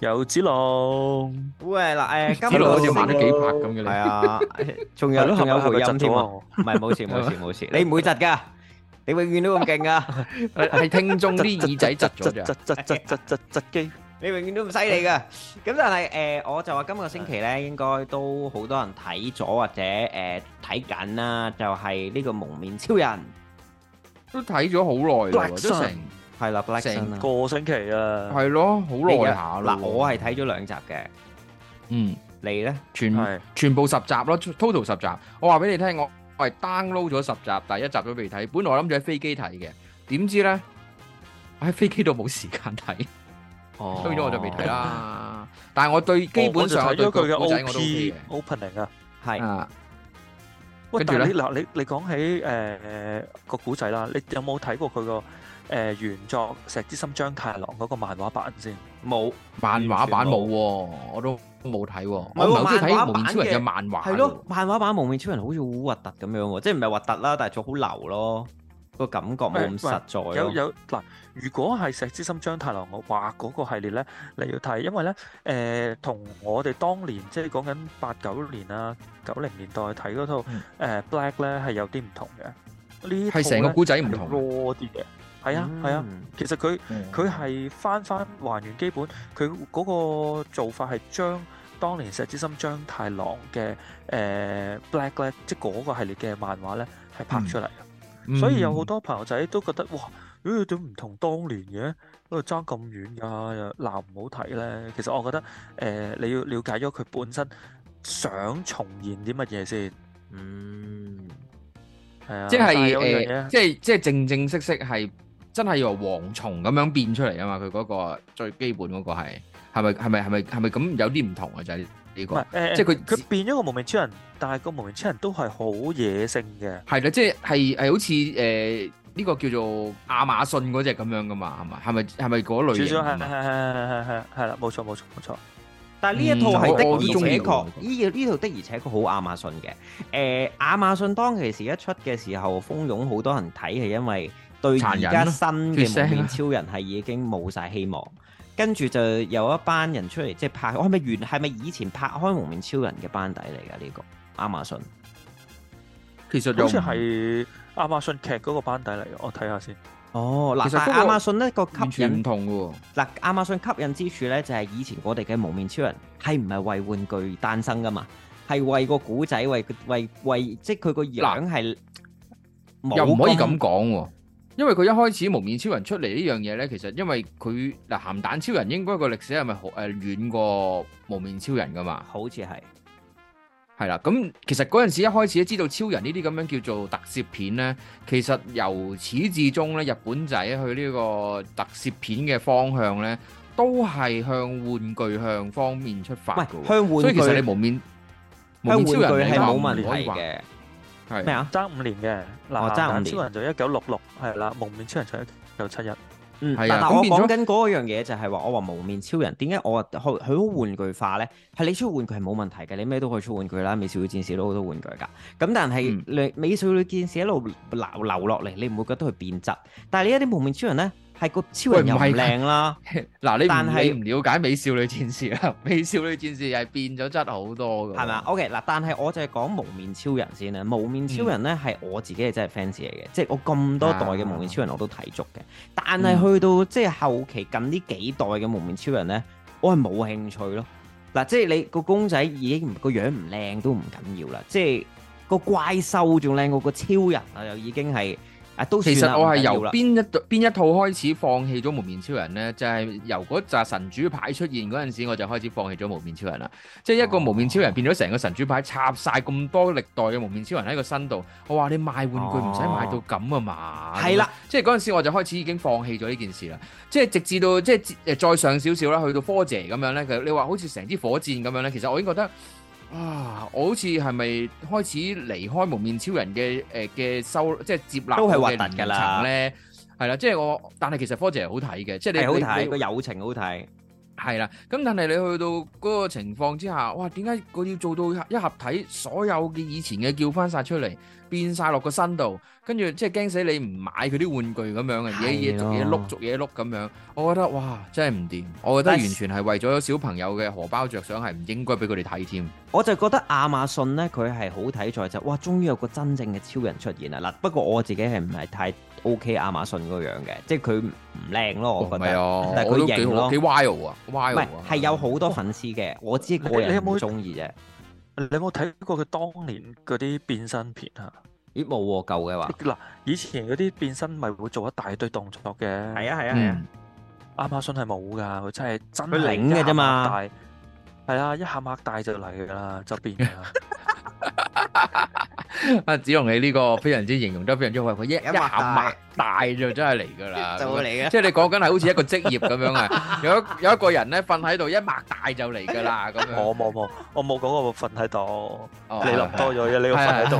游子龍喂嗱，誒，子龍好似玩咗幾拍咁嘅。係啊，仲有仲有回音添啊，唔係，冇事冇事冇事，你唔會窒噶，你永遠都咁勁啊！係聽眾啲耳仔窒咗，窒窒窒窒窒窒機，你永遠都唔犀利噶。咁但係，誒，我就話今個星期咧，應該都好多人睇咗或者誒睇緊啦，就係呢個蒙面超人，都睇咗好耐啦，都成。係啦，成個星期啊，係咯，好耐下咯。嗱，我係睇咗兩集嘅，嗯，你咧全全部十集咯，total 十集。我話俾你聽，我我係 download 咗十集，第一集都未睇。本來我諗住喺飛機睇嘅，點知咧我喺飛機度冇時間睇，推咗我就未睇啦。但係我對基本上對佢嘅 O P opening 啊，係啊。喂，但係你嗱，你你講起誒個古仔啦，你有冇睇過佢個？誒、呃、原作《石之森張太郎》嗰個漫畫版先？冇漫畫版冇、哦，我都冇睇、哦。哦、我頭先睇《蒙面超人》嘅漫畫。係咯，漫畫版《蒙面超人》好似好核突咁樣喎，即係唔係核突啦，但係仲好流咯，個感覺冇咁實在。有有嗱，如果係《石之森張太郎》我畫嗰個系列咧，你要睇，因為咧誒同我哋當年即係講緊八九年啊九零年代睇嗰套誒、呃《Black》咧係有啲唔同嘅。呢係成個故仔唔同啲嘅。係啊，係啊，其實佢佢係翻翻還原基本，佢嗰個做法係將當年石之森章太郎嘅誒 Black 咧，即係嗰個系列嘅漫畫咧，係拍出嚟嘅。所以有好多朋友仔都覺得哇，誒點唔同當年嘅，誒爭咁遠架，又鬧唔好睇咧。其實我覺得誒，你要了解咗佢本身想重現啲乜嘢先。嗯，係啊，即係誒，即係即係正正式式係。真係由蝗蟲咁樣變出嚟啊嘛！佢嗰個最基本嗰個係，係咪係咪係咪係咪咁有啲唔同啊？就係呢個，是即係佢佢變咗一個無名超人，但係個無名超人都係好野性嘅。係啦，即係係係好似誒呢個叫做亞馬遜嗰隻咁樣噶嘛？係嘛？係咪係咪嗰類型啊？係係係係係係啦，冇錯冇錯冇錯。但係呢一套係的而且確呢呢套的而且確好亞馬遜嘅。誒、呃，亞馬遜當其時一出嘅時候，蜂擁好多人睇，係因為。對而家新嘅蒙面超人係已經冇晒希望，跟住、啊、就有一班人出嚟即係拍，我係咪原，係咪以前拍開蒙面超人嘅班底嚟噶？呢、這個亞馬遜其實好似係亞馬遜劇嗰個班底嚟嘅，我睇下先。哦，嗱，其實但係亞馬遜呢個吸引唔同喎。嗱，亞馬遜吸引之處咧就係、是、以前我哋嘅蒙面超人係唔係為玩具誕生噶嘛？係為個古仔，為為為即係佢個樣係啦又唔可以咁講喎。因為佢一開始無面超人出嚟呢樣嘢呢，其實因為佢嗱鹹蛋超人應該個歷史係咪好誒遠過無面超人噶嘛？好似係，係啦。咁其實嗰陣時一開始都知道超人呢啲咁樣叫做特攝片呢，其實由始至終呢，日本仔去呢個特攝片嘅方向呢，都係向玩具向方面出發嘅。向玩具，所以其實你無面無面超人係冇問題嘅。咩啊？爭五年嘅嗱，爭、哦、五年超人就一九六六，係啦，幪面超人就一九七一。嗯，的但係我講緊嗰樣嘢就係話，我話幪面超人點解我佢佢好玩具化咧？係你出玩,玩具係冇問題嘅，你咩都可以出玩,玩具啦。美少女戰士都好多玩具㗎。咁但係你美少女戰士一路流流落嚟，你唔會覺得佢變質。但係你一啲幪面超人咧。係個超人又唔靚啦，嗱 你不但係是唔了解美少女戰士啊，美少女戰士又係變咗質好多噶。係咪 OK 嗱，okay，但係我就係講幪面超人先啦。幪面超人咧係、嗯、我自己係真係 fans 嚟嘅，即、就、係、是、我咁多代嘅幪面超人我都睇足嘅。啊、但係去到即係、就是、後期近呢幾代嘅幪面超人咧，我係冇興趣咯。嗱、嗯啊，即係你個公仔已經樣、就是、個樣唔靚都唔緊要啦，即係個怪獸仲靚過個超人啊，又已經係。啊、其實我係由邊一邊一套開始放棄咗無面超人呢？就係、是、由嗰集神主牌出現嗰陣時，我就開始放棄咗無面超人啦。即係一個無面超人變咗成個神主牌，插晒咁多歷代嘅無面超人喺個身度。我話你賣玩具唔使賣到咁啊嘛。係啦、啊，即係嗰陣時我就開始已經放棄咗呢件事啦。即係直至到即係再上少少啦，去到科姐 u 咁樣呢。你話好似成支火箭咁樣呢，其實我已經覺得。啊！我好似係咪開始離開蒙面超人嘅誒嘅收即係接納嘅層咧？係啦，即係我，但係其實科姐好睇嘅，即係你好睇你，你個友情好睇。係啦，咁 但係你去到嗰個情況之下，哇，點解佢要做到一合體，所有嘅以前嘅叫翻晒出嚟，變晒落個身度，跟住即係驚死你唔買佢啲玩具咁樣嘅，嘢嘢逐嘢碌，逐嘢碌咁樣，我覺得哇，真係唔掂，我覺得完全係為咗小朋友嘅荷包着想，係唔應該俾佢哋睇添。我就覺得亞馬遜呢，佢係好睇在就，哇，終於有個真正嘅超人出現啦！嗱，不過我自己係唔係太。O.K. 亞馬遜嗰樣嘅，即係佢唔靚咯，我覺得。唔係啊，但係佢型咯，幾 wild 啊，wild 係有好多粉絲嘅，我知。你有冇中意嘅？你有冇睇過佢當年嗰啲變身片啊？咦，冇舊嘅話，嗱，以前嗰啲變身咪會做一大堆動作嘅。係啊係啊係啊，亞馬遜係冇噶，真係真。佢嘅啫嘛，但係係啊，一下擘大就嚟噶啦，側邊啦。阿子龍，你呢個非常之形容得非常之好，佢一一下擘大就真係嚟噶啦，就嚟嘅。即係你講緊係好似一個職業咁樣啊，有一有一個人咧瞓喺度，一擘大大就嚟噶啦咁樣。就是就是，我冇冇，我冇講我瞓喺度。你諗多咗嘅，你個瞓喺度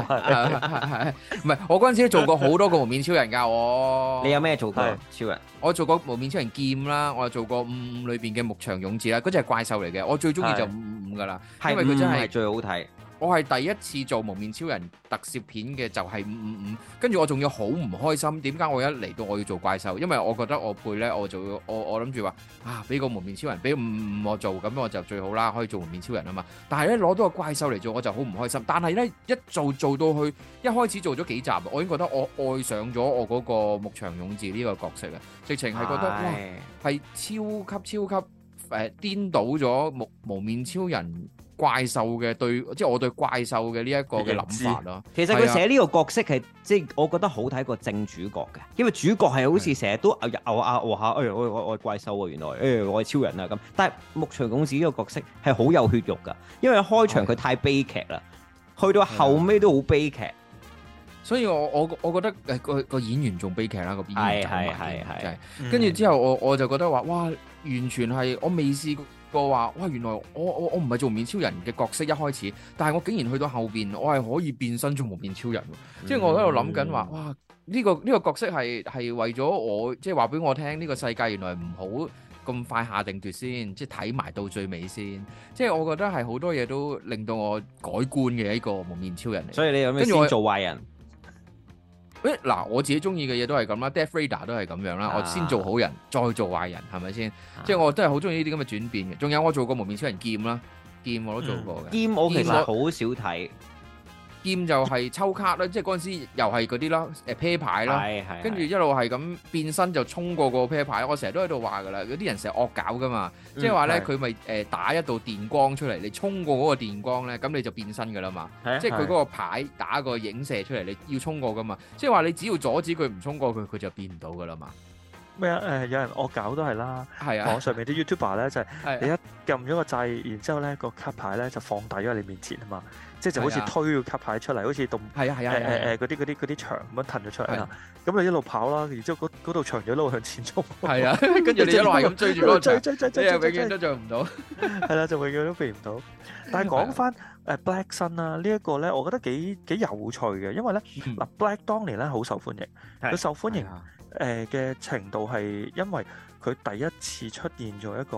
唔係，我嗰陣時都做過好多個幪面超人噶。我你有咩做過 超人？我做過幪面超人劍啦，我又做過五五裏邊嘅木場勇治啦。嗰隻係怪獸嚟嘅，我最中意就五五五噶啦，因為佢真係最好睇。我係第一次做蒙面超人特攝片嘅，就係五五五，跟住我仲要好唔開心。點解我一嚟到我要做怪獸？因為我覺得我配呢，我就要我我諗住話啊，俾個蒙面超人俾五五五我做，咁我就最好啦，可以做蒙面超人啊嘛。但係呢，攞到個怪獸嚟做，我就好唔開心。但係呢，一做做到去，一開始做咗幾集，我已經覺得我愛上咗我嗰個木場勇治呢個角色啊！直情係覺得哇，係、哎嗯、超級超級誒，顛、呃、倒咗蒙面超人。怪獸嘅對，即係我對怪獸嘅呢一個嘅諗法囉。其實佢寫呢個角色係，即係我覺得好睇過正主角嘅，因為主角係好似成日都牛下我我我怪獸啊，原來誒我係、哎、超人啊咁。但係木場公子呢個角色係好有血肉噶，因為開場佢太悲劇啦，啊、去到後尾都好悲劇。所以我我我覺得個個演員仲悲劇啦，個編劇。係係係係。 跟住之後我我就覺得話，哇，完全係我未試過。個話哇，原來我我我唔係做面超人嘅角色一開始，但係我竟然去到後邊，我係可以變身做無面超人，嗯、即係我喺度諗緊話哇，呢、呢個呢、呢個角色係係為咗我，即係話俾我聽呢個世界原來唔好咁快下定奪先，即係睇埋到最尾先，即係我覺得係好多嘢都令到我改觀嘅一個無面超人嚟。所以你有咩先做壞人？誒嗱，我自己中意嘅嘢都係咁啦，Death Rider 都係咁樣啦，我先做好人，啊、再做壞人，係咪先？啊、即係我都係好中意呢啲咁嘅轉變嘅。仲有我做過幪面超人劍啦，劍我都做過嘅、嗯。劍我其實好少睇。兼就係抽卡啦，即係嗰陣時又係嗰啲啦，誒 pair 牌啦，跟住呸一路係咁變身就衝過個 pair 牌、嗯。我成日都喺度話噶啦，有啲人成日惡搞噶嘛，即係話咧佢咪誒打一道電光出嚟，你衝過嗰個電光咧，咁你就變身噶啦嘛。嗯、即係佢嗰個牌打個影射出嚟，你要衝過噶嘛。即係話你只要阻止佢唔衝過佢，佢就變唔到噶啦嘛。咩啊？誒、呃、有人惡搞都係啦，係啊，網上面啲 YouTuber 咧就係、是、你一撳咗個掣，然之後咧個卡牌咧就放大咗喺你面前 啊嘛。呃即係就好似推個卡牌出嚟，好似棟誒啊，誒啊，啲嗰啲嗰啲牆咁樣騰咗出嚟啦。咁你就一路跑啦，然之後嗰度牆就一路向前衝。係啊，跟住你都係咁追住咯，追追追追追追追追追唔到。係啦，就永遠都避唔到。但係講翻誒 Black Sun 啦，呢一個咧，我覺得幾幾有趣嘅，因為咧嗱 Black 當年咧好受歡迎，佢受歡迎誒嘅程度係因為佢第一次出現咗一個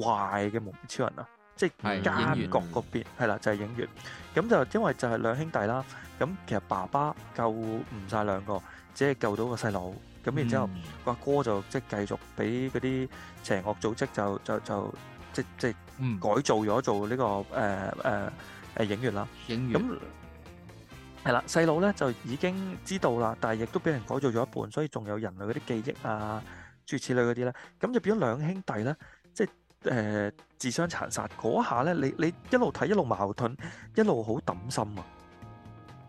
壞嘅夢超人啊。即係監國個邊係啦，就係影月。咁就因為就係兩兄弟啦。咁其實爸爸救唔晒兩個，只係救到個細佬。咁然之後，個阿哥就即係繼續俾嗰啲邪惡組織就就就即即改造咗做呢個誒誒誒影月啦。影月咁係啦，細佬咧就已經知道啦，但係亦都俾人改造咗一半，所以仲有人類嗰啲記憶啊，諸如此類嗰啲咧，咁就變咗兩兄弟咧，即係。誒、呃，自相殘殺嗰下咧，你你一路睇一路矛盾，一路好抌心啊！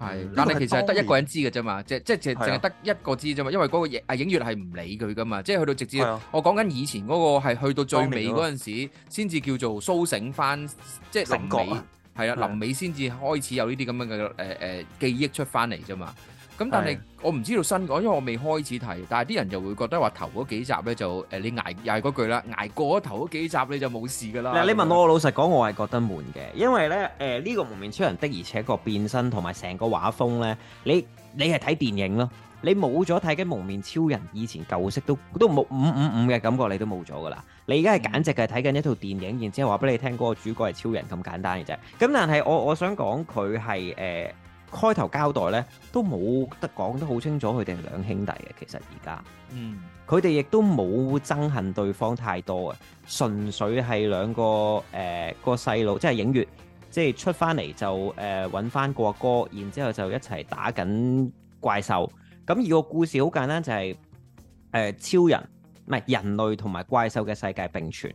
係、嗯，但係其實得一個人知嘅啫嘛，即係即係淨係得一個知啫、啊、嘛，因為嗰個影啊影月係唔理佢噶嘛，即係去到直至我講緊以前嗰、那個係去到最尾嗰陣時，先至叫做蘇醒翻，即係臨尾係啊，臨尾先至開始有呢啲咁樣嘅誒誒記憶出翻嚟啫嘛。咁但係我唔知道新嘅，因為我未開始睇，但係啲人就會覺得話頭嗰幾集咧就誒，你挨又係嗰句啦，挨過咗頭嗰幾集你就冇事噶啦。嗱，你問我，老實講，我係覺得悶嘅，因為咧誒呢個蒙面超人的而且個變身同埋成個畫風咧，你你係睇電影咯，你冇咗睇緊蒙面超人以前舊式都都冇五五五嘅感覺，你都冇咗噶啦。你而家係簡直係睇緊一套電影，然之後話俾你聽，個主角係超人咁簡單嘅啫。咁但係我我想講佢係誒。開頭交代呢，都冇得講得好清楚，佢哋係兩兄弟嘅。其實而家，嗯，佢哋亦都冇憎恨對方太多嘅，純粹係兩個誒、呃、個細路，即、就、係、是、影月，即、就、係、是、出翻嚟就誒搵翻個阿哥，然之後就一齊打緊怪獸。咁而個故事好簡單，就係、是、誒、呃、超人唔係人類同埋怪獸嘅世界並存。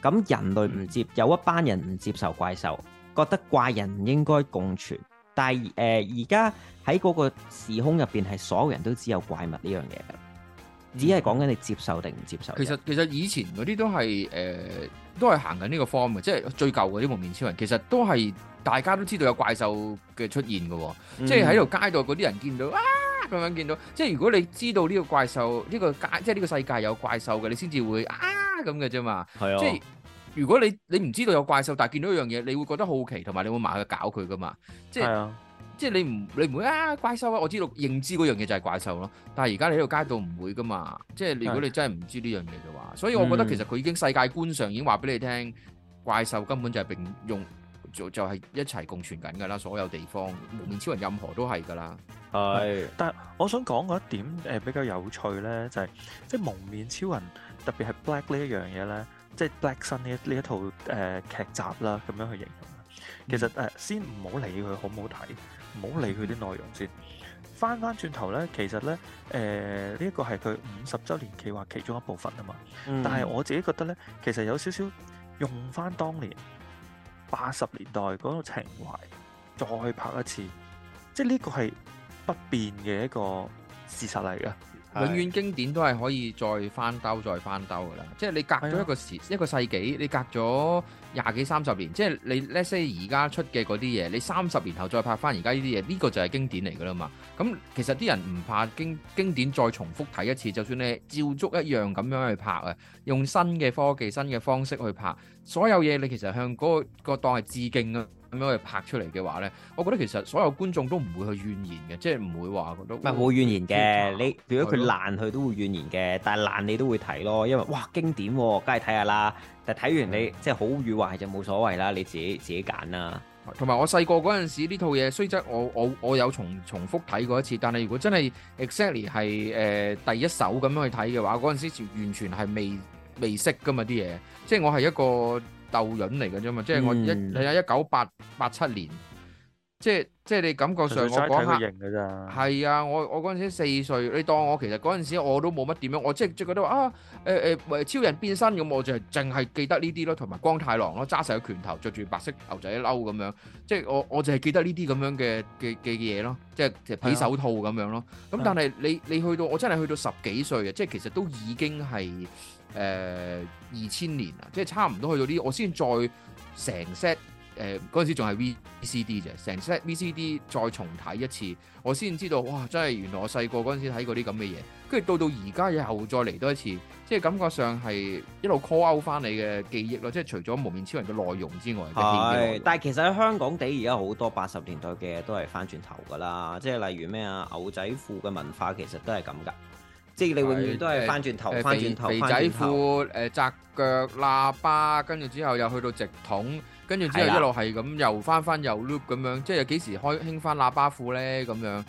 咁人類唔接有一班人唔接受怪獸，覺得怪人唔應該共存。但係誒，而家喺嗰個時空入邊係所有人都知有怪物呢樣嘢嘅，只係講緊你接受定唔接受、嗯。其實其實以前嗰啲都係誒、呃，都係行緊呢個 form 即係最舊嗰啲蒙面超人，其實都係大家都知道有怪獸嘅出現嘅，嗯、即係喺度街度嗰啲人見到啊咁樣見到，即係如果你知道呢個怪獸呢、呢個街，即係呢個世界有怪獸嘅，你先至會啊咁嘅啫嘛。係啊對、哦。如果你你唔知道有怪獸，但係見到一樣嘢，你會覺得好奇，同埋你會埋去搞佢噶嘛？即係是、啊、即係你唔你唔會啊怪獸啊！我知道認知嗰樣嘢就係怪獸咯。但係而家你喺度街道唔會噶嘛？即係如果你真係唔知呢是、啊、樣嘢嘅話，所以我覺得其實佢已經世界觀上已經話俾你聽，嗯、怪獸根本就係並用就就是、係一齊共存緊噶啦，所有地方蒙面超人任何都係噶啦。係，但係我想講嘅一點誒，比較有趣咧，就係即係蒙面超人特別係 Black 呢一樣嘢咧。即係《Black Sun》呢一、呢一套誒、呃、劇集啦，咁樣去形容。其實誒、呃、先唔好，好理佢好唔好睇，唔好理佢啲內容先。翻翻轉頭咧，其實咧誒呢一、呃呢個係佢五十週年企劃其中一部分啊嘛。嗯、但係我自己覺得咧，其實有少少用翻當年八十年代嗰種情懷，再拍一次，即係呢個係不變嘅一個事實嚟嘅。永是遠，遠經典都係可以再翻兜再翻兜噶啦，即係你隔咗一個時的一個世紀，你隔咗廿幾三十年，即係你那些而家出嘅嗰啲嘢，你三十年後再拍翻而家呢啲嘢，呢、呢個就係經典嚟噶啦嘛。咁其實啲人唔怕經經典再重複睇一次，就算你照足一樣咁樣去拍啊，用新嘅科技、新嘅方式去拍所有嘢，你其實向嗰、嗰個、嗰個當係致敬咯。咁樣去拍出嚟嘅話呢，我覺得其實所有觀眾都唔會去怨言嘅，即係唔會話覺得唔係冇怨言嘅。哎、你如果佢爛，佢都會怨言嘅，的但係爛你都會睇咯，因為嘩經典、啊，梗係睇下啦。但睇完你、嗯、即係好與壞就冇所謂啦，你自己自己揀啦。同埋我細個嗰陣時呢套嘢，雖則我我我，我有重重複睇過一次，但係如果真係 exactly 係誒、呃、第一手咁樣去睇嘅話，嗰陣時完全係未全未識㗎嘛啲嘢，即係我係一個。鬥韻嚟嘅啫嘛，即係我一係啊一九八八七年，即係即係你感覺上我嗰刻，係啊，我我嗰陣時四歲，你當我其實嗰陣時我都冇乜點樣，我即係即係覺得話啊誒誒，超人變身咁，我就淨係記得呢啲咯，同埋光太郎咯，揸曬個拳頭，著住白色牛仔褸咁樣，即係我我淨係記得呢啲咁樣嘅嘅嘅嘢咯，即係皮手套咁樣咯，咁但係你你去到我真係去到十幾歲嘅，即係其實都已經係。誒二千年啊，即係差唔多去到啲，我先再成 set 誒嗰陣時仲係 VCD 啫，成 set VCD 再重睇一次，我先知道哇！真係原來我細個嗰陣時睇過啲咁嘅嘢，跟住到到而家又再嚟多一次，即係感覺上係一路 call out 翻你嘅記憶咯。即係除咗蒙面超人嘅內容之外，係是，有但係其實喺香港地而家好多八十年代嘅都係翻轉頭噶啦，即係例如咩啊牛仔褲嘅文化其實都係咁㗎。即係你永遠都係翻轉頭，翻轉是頭，肥，頭肥仔褲，誒窄頭、呃、腳喇叭，跟住之後又去到直筒，跟住之後一路係咁又翻翻又 loop 咁樣，即係幾時開興翻喇叭褲咧？咁樣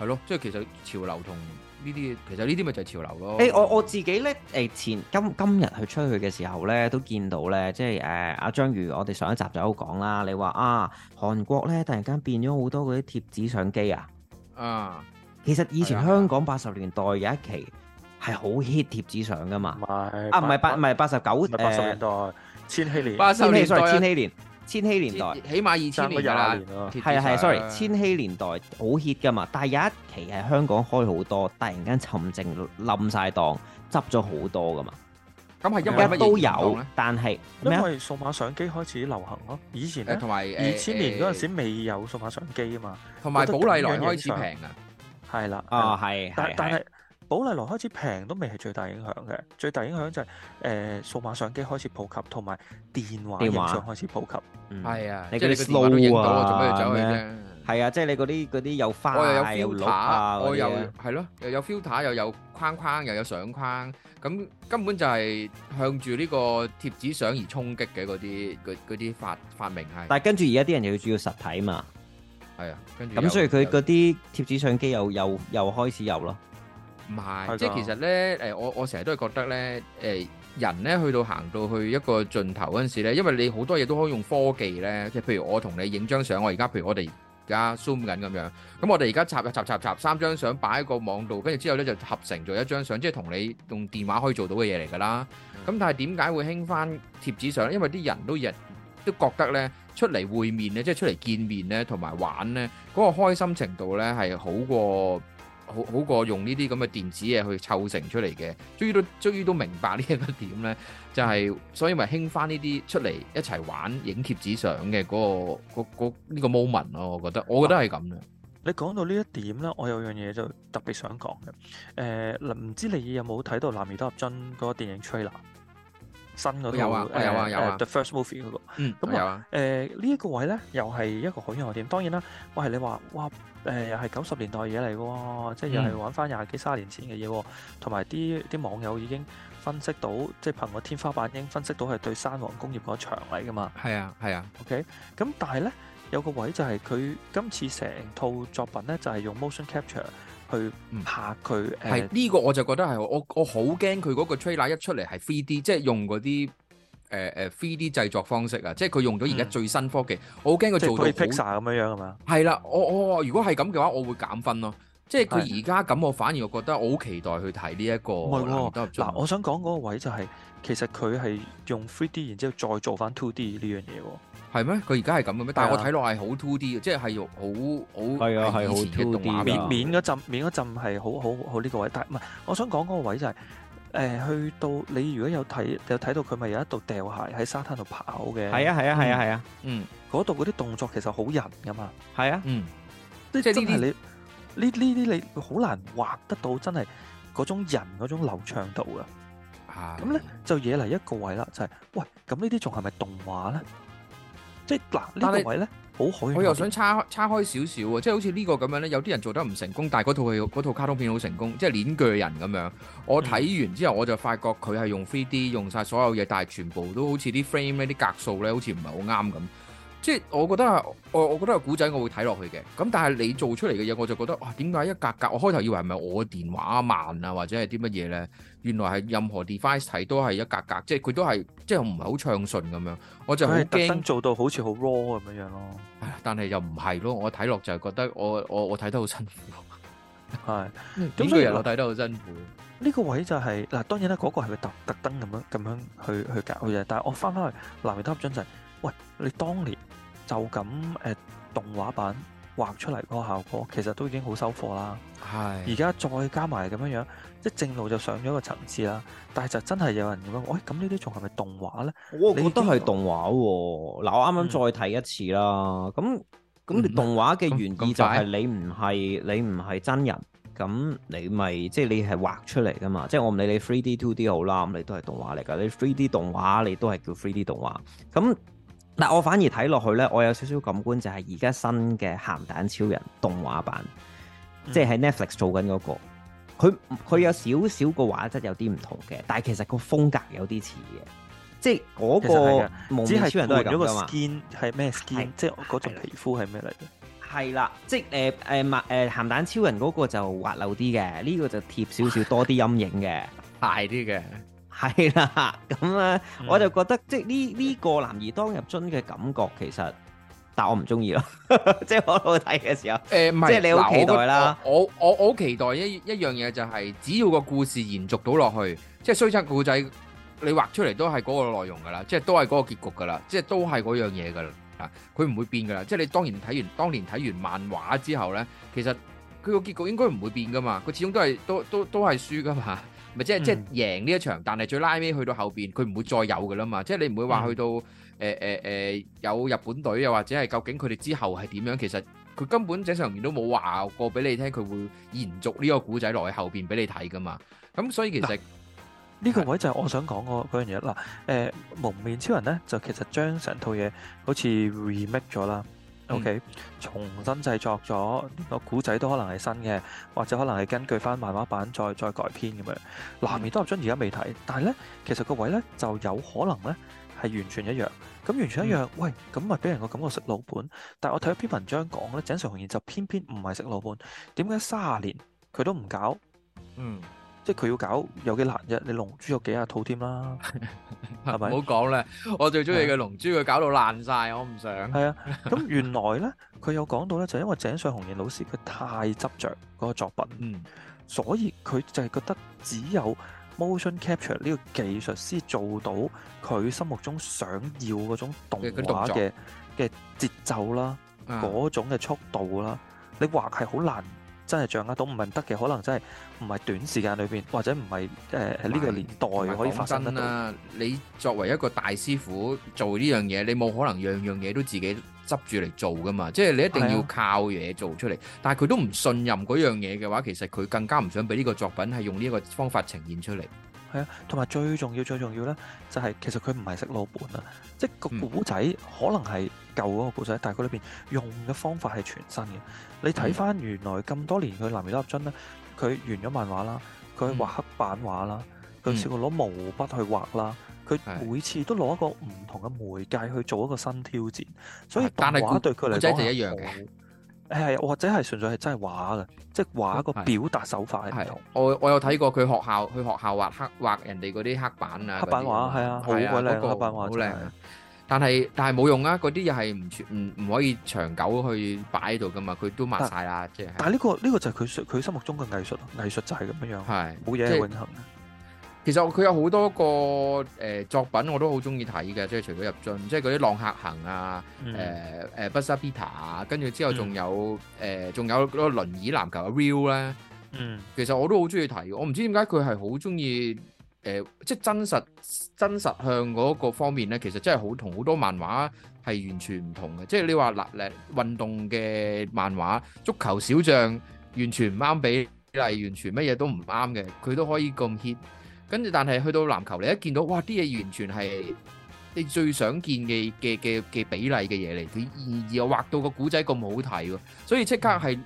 係咯，即係其實潮流同呢啲，其實呢啲咪就係潮流咯。誒、欸，我我自己咧，誒前今今日去出去嘅時候咧，都見到咧，即係誒阿章魚，呃、章我哋上一集就好講啦，你話啊，韓國咧突然間變咗好多嗰啲貼紙相機啊，啊！其實以前香港八十年代有一期係好 hit 貼紙相噶嘛，啊唔係八唔係八十九，八十年代千禧年，sorry 千禧年，千禧年代起碼二千年啦，係啊係，sorry 千禧年代好 hit 噶嘛，但係有一期係香港開好多，突然間沉靜冧曬檔，執咗好多噶嘛。咁係因為都有，但係因為數碼相機開始流行咯，以前同埋二千年嗰陣時未有數碼相機啊嘛，同埋寶麗來開始平啊。係啦，啊係，但但係寶麗來開始平都未係最大影響嘅，最大影響就係誒數碼相機開始普及，同埋電話影相開始普及。係啊，即係你個相都影到啊，做咩啫？係啊，即係你嗰啲嗰啲有花、有濾啊，我又係咯，又有 filter，又有框框，又有相框，咁根本就係向住呢個貼紙相而衝擊嘅嗰啲啲發發明係。但係跟住而家啲人又要轉到實體嘛？係啊，跟住咁所以佢嗰啲貼紙相機又又又開始有咯，唔係是，的即係其實咧，誒，我我成日都係覺得咧，誒，人咧去到行到去一個盡頭嗰陣時咧，因為你好多嘢都可以用科技咧，即係譬如我同你影張相，我而家譬如我哋而家 zoom 緊咁樣，咁我哋而家插插插插三張相擺喺個網度，跟住之後咧就合成咗一張相，即係同你用電話可以做到嘅嘢嚟㗎啦，咁、嗯、但係點解會興翻貼紙相咧？因為啲人都日都覺得咧。出嚟會面咧，即係出嚟見面咧，同埋玩咧，嗰、那個開心程度咧係，好過好好過用呢啲咁嘅電子嘢去湊成出嚟嘅。終於都終於都明白呢一個點咧，就係，是嗯、所以咪興翻呢啲出嚟一齊玩影貼紙相嘅嗰個呢、那個、那個這個、moment 咯。我覺得我覺得係咁嘅。你講到呢一點咧，我有樣嘢就特別想講嘅。誒、呃，嗱，唔知你有冇睇到《男兒當入樽》嗰個電影 trailer 新嗰套有啊，有啊，有啊，誒 The First Movie 嗰個，咁誒呢一個位咧又係一個好優秀點。當然啦，我係你話哇誒又係九十年代嘢嚟喎，即係又係玩翻廿幾三十年前嘅嘢，同埋啲啲網友已經分析到，即係憑個天花板已經分析到係對山王工業嗰場嚟噶嘛。係啊係啊，OK。咁但係咧有個位就係佢今次成套作品咧就係用 motion capture。佢唔怕佢係呢個我就覺得係，我我好驚佢嗰個 trailer 一出嚟係 3D，即係用嗰啲誒誒、呃、3D 製作方式啊，即係佢用咗而家最新科技，嗯、我好驚佢做到 Pixar 咁樣樣係嘛？係啦，我我、哦、如果係咁嘅話，我會減分咯。即係佢而家咁，我反而我覺得我好期待去睇呢一個。嗱，我想講嗰個位就係其實佢係用 3D，然之後再做翻 2D 呢樣嘢喎。係咩？佢而家係咁嘅咩？但係我睇落係好 2D 即係係用好好係啊係好 2D。面面嗰陣，面嗰陣係好好好呢個位。但唔係，我想講嗰個位就係誒去到你如果有睇有睇到佢咪有一度掉鞋喺沙灘度跑嘅。係啊係啊係啊係啊。嗯，嗰度嗰啲動作其實好人㗎嘛。係啊，嗯，即係真係你。呢呢啲你好難畫得到真係嗰種人嗰種流暢度噶，咁咧、啊、就惹嚟一個位、就係、係係啦，就係喂咁呢啲仲係咪動畫咧？即係嗱呢個位咧，是好可以。我又想叉開叉開少少啊，即係好似呢個咁樣咧，有啲人做得唔成功，但係嗰套套卡通片好成功，即係鏈鋸人咁樣。我睇完之後我就發覺佢係用 3D 用晒所有嘢，但係全部都好似啲 frame 呢啲格數咧，數好似唔係好啱咁。即係我覺得啊，我我覺得個古仔我會睇落去嘅。咁但係你做出嚟嘅嘢，我就覺得哇，點、啊、解一格格。我開頭以為係咪我電話慢啊，或者係啲乜嘢咧？原來係任何 device 睇都係一格格，即係佢都係即係唔係好暢順咁樣。我就好驚做到好似好 raw 咁樣咯。但係又唔係咯？我睇落就係覺得我我我睇得好辛苦。係，點、嗯、解、 嗯、人我睇得好辛苦、嗯？呢、嗯、個位就係、是、嗱，當然啦，嗰個係佢特特登咁樣咁樣去去、去搞嘅，但係我翻翻去南極洲真係。喂，你當年就咁誒、呃、動畫版畫出嚟個效果，其實都已經好收貨啦。係是，而家再加埋咁樣樣，即係正路就上咗個層次啦。但係就真係有人咁樣，喂、哎，咁呢啲仲係咪動畫咧？我覺得係動畫喎、哦。嗱、嗯，我啱啱再睇一次啦。咁咁，你動畫嘅原意就係你唔係、嗯嗯、你唔係真人，咁你咪即係你係畫出嚟噶嘛？即係我唔理你 three D two D 好啦，咁你都係動畫嚟噶。你 three D 動畫你都係叫 three D 動畫，咁。嗱，但我反而睇落去咧，我有少少感官就係而家新嘅鹹蛋超人動畫版，即係喺 Netflix 做緊嗰、嗰個，佢佢有少少個畫質有啲唔同嘅，但係其實個風格有啲似嘅，即係嗰個夢幻超人都係咁噶嘛。Skin 係咩 skin？即係嗰種皮膚係咩嚟嘅？係啦，即係誒誒麥誒鹹蛋超人嗰個就滑溜啲嘅，呢、呢個就貼少少 多啲陰影嘅，大啲嘅。係啦，咁啊，我就覺得、嗯、即係呢呢個男兒當入樽嘅感覺，其實但我唔中意咯， 即係我睇嘅時候。誒、呃，唔係，即係你好期待啦、呃。我我我，我期待一一樣嘢就係，只要個故事延續到落去，即係衰親故仔，你畫出嚟都係嗰個內容噶啦，即係都係嗰個結局噶啦，即係都係嗰樣嘢噶啦。啊，佢唔會變噶啦。即係你當然睇完當年睇完漫畫之後咧，其實佢個結局應該唔會變噶嘛。佢始終都係都都都係輸噶嘛。咪即係即係贏呢一場，但係最拉尾去到後邊，佢唔會再有噶啦嘛。即係你唔會話去到誒、誒、誒、有日本隊，又或者係究竟佢哋之後係點樣？其實佢根本整上面都冇話過俾你聽，佢會延續呢個古仔落去後邊俾你睇噶嘛。咁所以其實呢、呢個位就係我想講個嗰樣嘢啦。誒、呃，蒙面超人咧就其實將成套嘢好似 remake 咗啦。O.K. 重新製作咗、這個古仔都可能係新嘅，或者可能係根據翻漫畫版再再改編咁樣。男兒當入樽而家未睇，但係呢，其實個位呢就有可能呢係完全一樣。咁完全一樣，嗯、喂，咁咪俾人個感覺食老本。但係我睇一篇文章講呢，井上雄彥就偏偏唔係食老本。點解三十年佢都唔搞？嗯。即係佢要搞有幾難啫？你龍珠有幾廿套添啦，係咪 了？唔好講啦，我最中意嘅龍珠佢 搞到爛晒。我唔想。係 啊，咁原來咧佢有講到咧，就因為井上雄彥老師佢太執着嗰個作品，嗯、所以佢就係覺得只有 motion capture 呢個技術先做到佢心目中想要嗰種動畫嘅嘅節奏啦，嗰、啊、種嘅速度啦，你話係好難。真係掌握到唔係得嘅，可能真係唔係短時間裏邊，或者唔係誒喺呢個年代係可以發生啦，你作為一個大師傅做呢樣嘢，你冇可能樣樣嘢都自己執住嚟做噶嘛？即係你一定要靠嘢做出嚟。啊、但係佢都唔信任嗰樣嘢嘅話，其實佢更加唔想俾呢個作品係用呢一個方法呈現出嚟。係啊，同埋最重要最重要咧，就係、是、其實佢唔係識老本啊，即係個古仔可能係舊嗰個古仔，嗯、但係佢裏邊用嘅方法係全新嘅，你睇翻原來咁多年佢南洋插針咧，佢完咗漫畫啦，佢畫黑板畫啦，佢試過攞毛筆去畫啦，佢每次都攞一個唔同嘅媒介去做一個新挑戰，所以動畫對佢嚟講係一樣嘅。係或者係純粹係真係畫嘅，即係畫一個表達手法。係，我我有睇過佢學校去學校畫黑畫人哋嗰啲黑板啊。黑板畫，係啊，好鬼靚啊，黑板畫好靚。但係但係冇用啊，嗰啲嘢係唔唔唔可以長久去擺喺度噶嘛，佢都抹晒啦。但係呢個呢個就係佢佢心目中嘅藝術咯，藝術就係咁樣樣，冇嘢係永恆嘅。其實佢有好多個誒、呃、作品我都好中意睇嘅，即係除咗入樽，即係嗰啲《浪客行》啊，誒誒、嗯《Buzzer Beater》啊，跟住之後仲有誒仲、嗯呃、有嗰個輪椅籃球嘅、e《Real》咧。嗯，其實我都好中意睇，我唔知點解佢係好中意誒，即係真實真實向嗰個方面咧，其實真係好同好多漫畫係完全唔同嘅。即係你話力量運動嘅漫畫，足球小將完全唔啱比例，完全乜嘢都唔啱嘅，佢都可以咁 hit。跟住，但係去到籃球，你一見到哇，啲嘢完全係你最想見嘅嘅嘅嘅比例嘅嘢嚟，佢而又畫到個古仔咁好睇喎，所以即刻係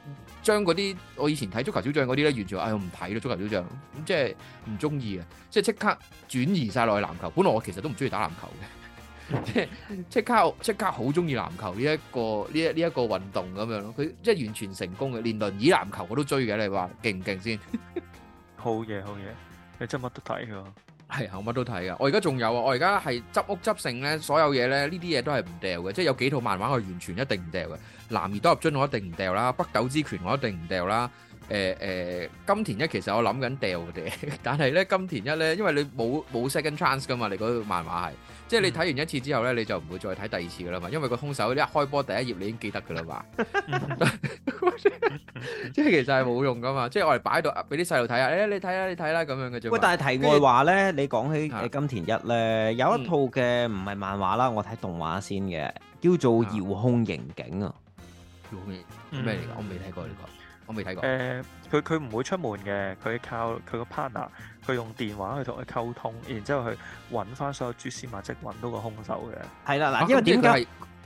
將嗰啲我以前睇足球小將嗰啲咧，完全唉，唔睇咯，足球小將即係唔中意嘅，即係即刻轉移晒落去籃球。本來我其實都唔中意打籃球嘅，即係即刻即刻好中意籃球呢一個呢呢一個運動咁樣咯。佢即係完全成功嘅，連輪椅籃球我都追嘅。你話勁唔勁先？好嘢，好 嘢。你真乜都睇噶？係啊，我乜都睇噶。我而家仲有啊，我而家係執屋執剩咧，所有嘢咧呢啲嘢都係唔掉嘅，即係有幾套漫畫我完全一定唔掉嘅，《男兒當入樽》我一定唔掉啦，《北斗之拳》我一定唔掉啦。誒誒、呃，金田一其實我諗緊掉嘅，但係咧金田一咧，因為你冇冇 second chance 噶嘛，你嗰個漫畫係，即係你睇完一次之後咧，你就唔會再睇第二次噶啦嘛，因為個兇手一開波第一頁你已經記得噶啦嘛，即係其實係冇用噶、啊啊啊、嘛，即係我哋擺度，俾啲細路睇下，你睇啦你睇啦咁樣嘅啫。喂，但係題外話咧，你講起金田一咧，嗯、有一套嘅唔係漫畫啦，我睇動畫先嘅，叫做遙控刑警啊，遙控刑警咩嚟噶？我未睇過呢、這個。我未睇過。誒、呃，佢佢唔會出門嘅，佢靠佢個 partner，佢用電話去同佢溝通，然之後去揾翻所有蛛絲馬跡，揾到個兇手嘅。係啦，嗱，因為點解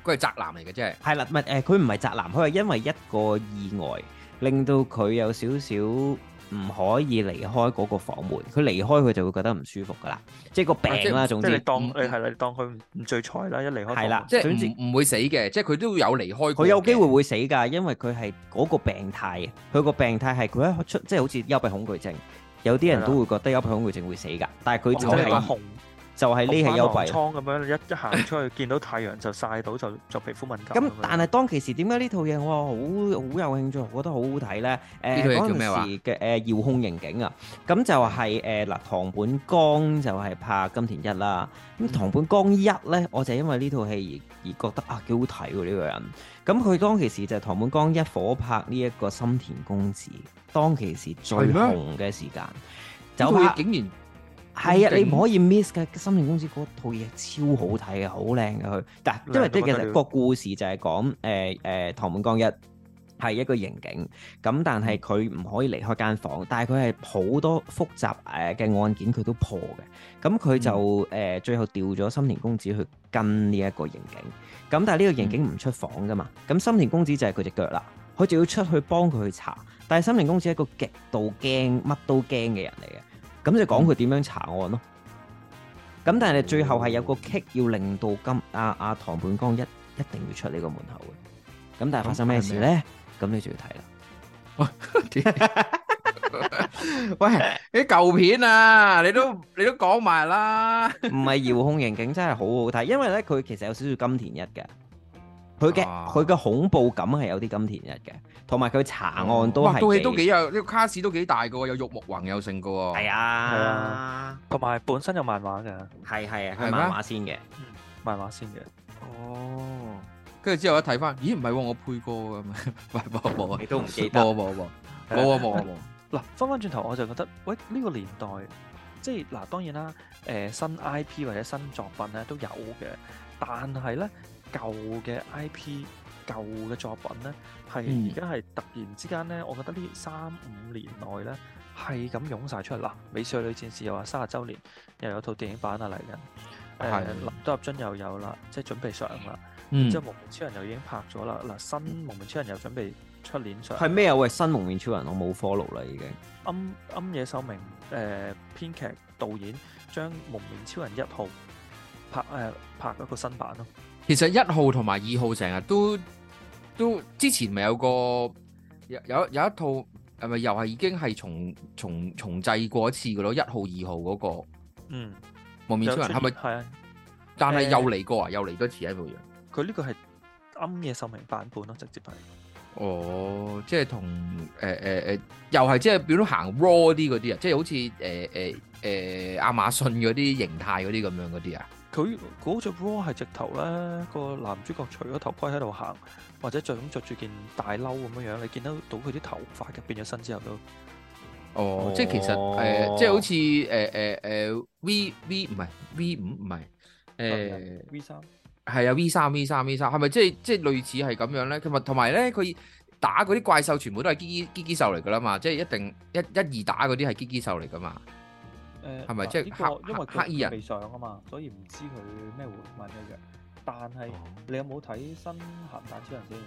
佢係宅男嚟嘅？即係係啦，唔係誒，佢唔係宅男，佢係因為一個意外令到佢有少少。唔可以離開嗰個房門，佢離開佢就會覺得唔舒服噶啦，即係個病啦、啊。者總之，你當、嗯、你啦，你當佢唔唔聚財啦，一離開係啦的之，即係總之唔會死嘅，即係佢都有離開。佢有機會會死㗎，因為佢係嗰個病態，佢個病態係佢一出，即係好似幽閉恐懼症，有啲人都會覺得幽閉恐懼症會死㗎，但係佢就係。哇就係呢，喺有溝咁樣，一一行出去見到太陽就曬到，就就皮膚敏感。咁 但係當其時點解呢套嘢我好好有興趣，我覺得好好睇咧？誒嗰、呃、時嘅誒遙控刑警啊，咁就係誒嗱，唐本剛就係拍金田一啦。咁唐本剛一咧，我就因為呢套戲而而覺得啊幾好睇喎呢個人。咁佢當其時就唐本剛一火拍呢一個深田公子，當其時最紅嘅時間，就會嗎拍竟然。係啊，你唔可以 miss 嘅。心田公子嗰套嘢超好睇嘅，好靚嘅佢。但係因為即係其實個故事就係講誒誒，唐門剛一係一個刑警，咁但係佢唔可以離開間房間，但係佢係好多複雜誒嘅案件佢都破嘅。咁佢就誒、嗯呃、最後調咗心田公子去跟呢一個刑警，咁但係呢個刑警唔出房噶嘛，咁心、嗯、田公子就係佢隻腳啦，佢就要出去幫佢去查。但係心田公子係一個極度驚乜都驚嘅人嚟嘅。咁就講佢點樣查案咯，咁但係最後係有個 key 要令到金阿阿唐本剛一一定要出呢個門口嘅，咁但係發生咩事咧？咁你就要睇啦。喂，啲舊片啊，你都你都講埋啦。唔係遙控刑警真係好好睇，因為咧佢其實有少少金田一嘅。佢嘅佢嘅恐怖感係有啲金田一嘅，同埋佢查案都係。套戲都幾有呢個卡士都幾大嘅喎，有玉木宏有成嘅喎。係啊，同埋本身有漫畫㗎。係係啊，係漫畫先嘅，漫畫先嘅。哦，跟住之後一睇翻，咦唔係我配歌嘅咩？冇冇冇，你都唔記得。冇冇冇冇冇冇冇。嗱，翻翻轉頭，我就覺得，喂，呢個年代，即係嗱，當然啦，誒新 IP 或者新作品咧都有嘅，但係咧。舊嘅 IP、舊嘅作品咧，係而家係突然之間咧，我覺得呢三五年內咧係咁湧晒出嚟。嗱，《美少女戰士》又話卅周年，又有套電影版啊嚟緊。係、呃。男兒當入樽又有啦，即係準備上啦。嗯。之後《幪面超人》又已經拍咗啦。嗱，新《幪面超人》又準備出年上。係咩啊？喂，《新幪面超人》我冇 follow 啦，已經。庵野秀明，誒、呃、編劇、導演將《幪面超人》一號拍誒、呃、拍一個新版咯。其實一號同埋二號成日都都之前咪有個有有有一套係咪又係已經係重重重製過一次噶咯？一號二號嗰、那個嗯，蒙面超人係咪係啊？但係又嚟過啊、欸，又嚟多次一樣。佢呢個係暗夜壽命版本咯、啊，直接係哦，即係同誒誒誒，又係即係表咗行 raw o 啲嗰啲啊，即、就、係、是、好似誒誒誒，亞、呃呃呃、馬遜嗰啲形態嗰啲咁樣嗰啲啊。佢嗰隻 raw 係直頭咧，個男主角除咗頭盔喺度行，或者著咁着住件大褸咁樣樣，你見得到佢啲頭髮嘅變咗身之後都。哦，即係其實誒，即係好似誒誒誒 V V 唔係 V 五唔係誒 V 三，係啊 V 三 V 三 V 三，係咪即係即係類似係咁樣咧？佢咪同埋咧，佢打嗰啲怪獸全部都係機機機機獸嚟噶啦嘛，即係一定一一二打嗰啲係機機獸嚟噶嘛。係咪即係因為黑衣人未上啊嘛，所以唔知佢咩活玩咩嘅。但係你有冇睇新，新《咸、哦、蛋超人》先？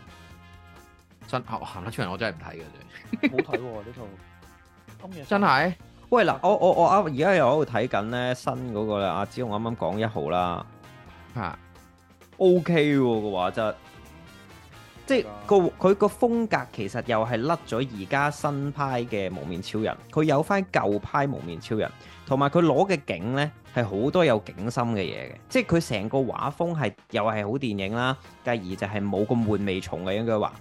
新、那個《咸蛋超人》我真係唔睇嘅，真冇睇喎呢套。真係、okay？喂嗱，我我我啱，而家又喺度睇緊咧新嗰個啦。阿子雄啱啱講一號啦，嚇？OK 喎個畫質。即係個佢個風格其實又係甩咗而家新派嘅幪面超人，佢有返舊派幪面超人，同埋佢攞嘅景呢係好多有景深嘅嘢嘅，即係佢成個畫風係又係好電影啦，繼而就係冇咁悶味重嘅應該話，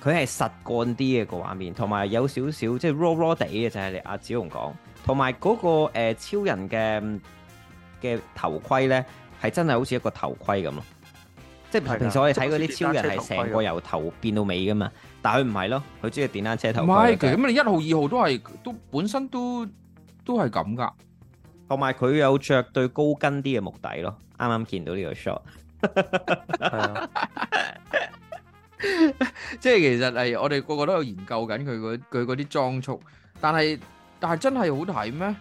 佢係實幹啲嘅個畫面，同埋有少少即係 raw raw 地嘅就係、是、你阿、啊、子龍講，同埋嗰個、呃、超人嘅嘅頭盔呢，係真係好似一個頭盔咁咯。即係平時我哋睇嗰啲超人係成個由頭變到尾噶嘛，但係佢唔係咯，佢中意電單車頭盔。唔係，其實咁你一號二號都係，都本身都都係咁噶。同埋佢有着對高跟啲嘅木底咯，啱啱見到呢個 shot。係啊，即係其實係我哋個個都有研究緊佢嗰佢嗰啲裝束，但係但係真係好睇咩？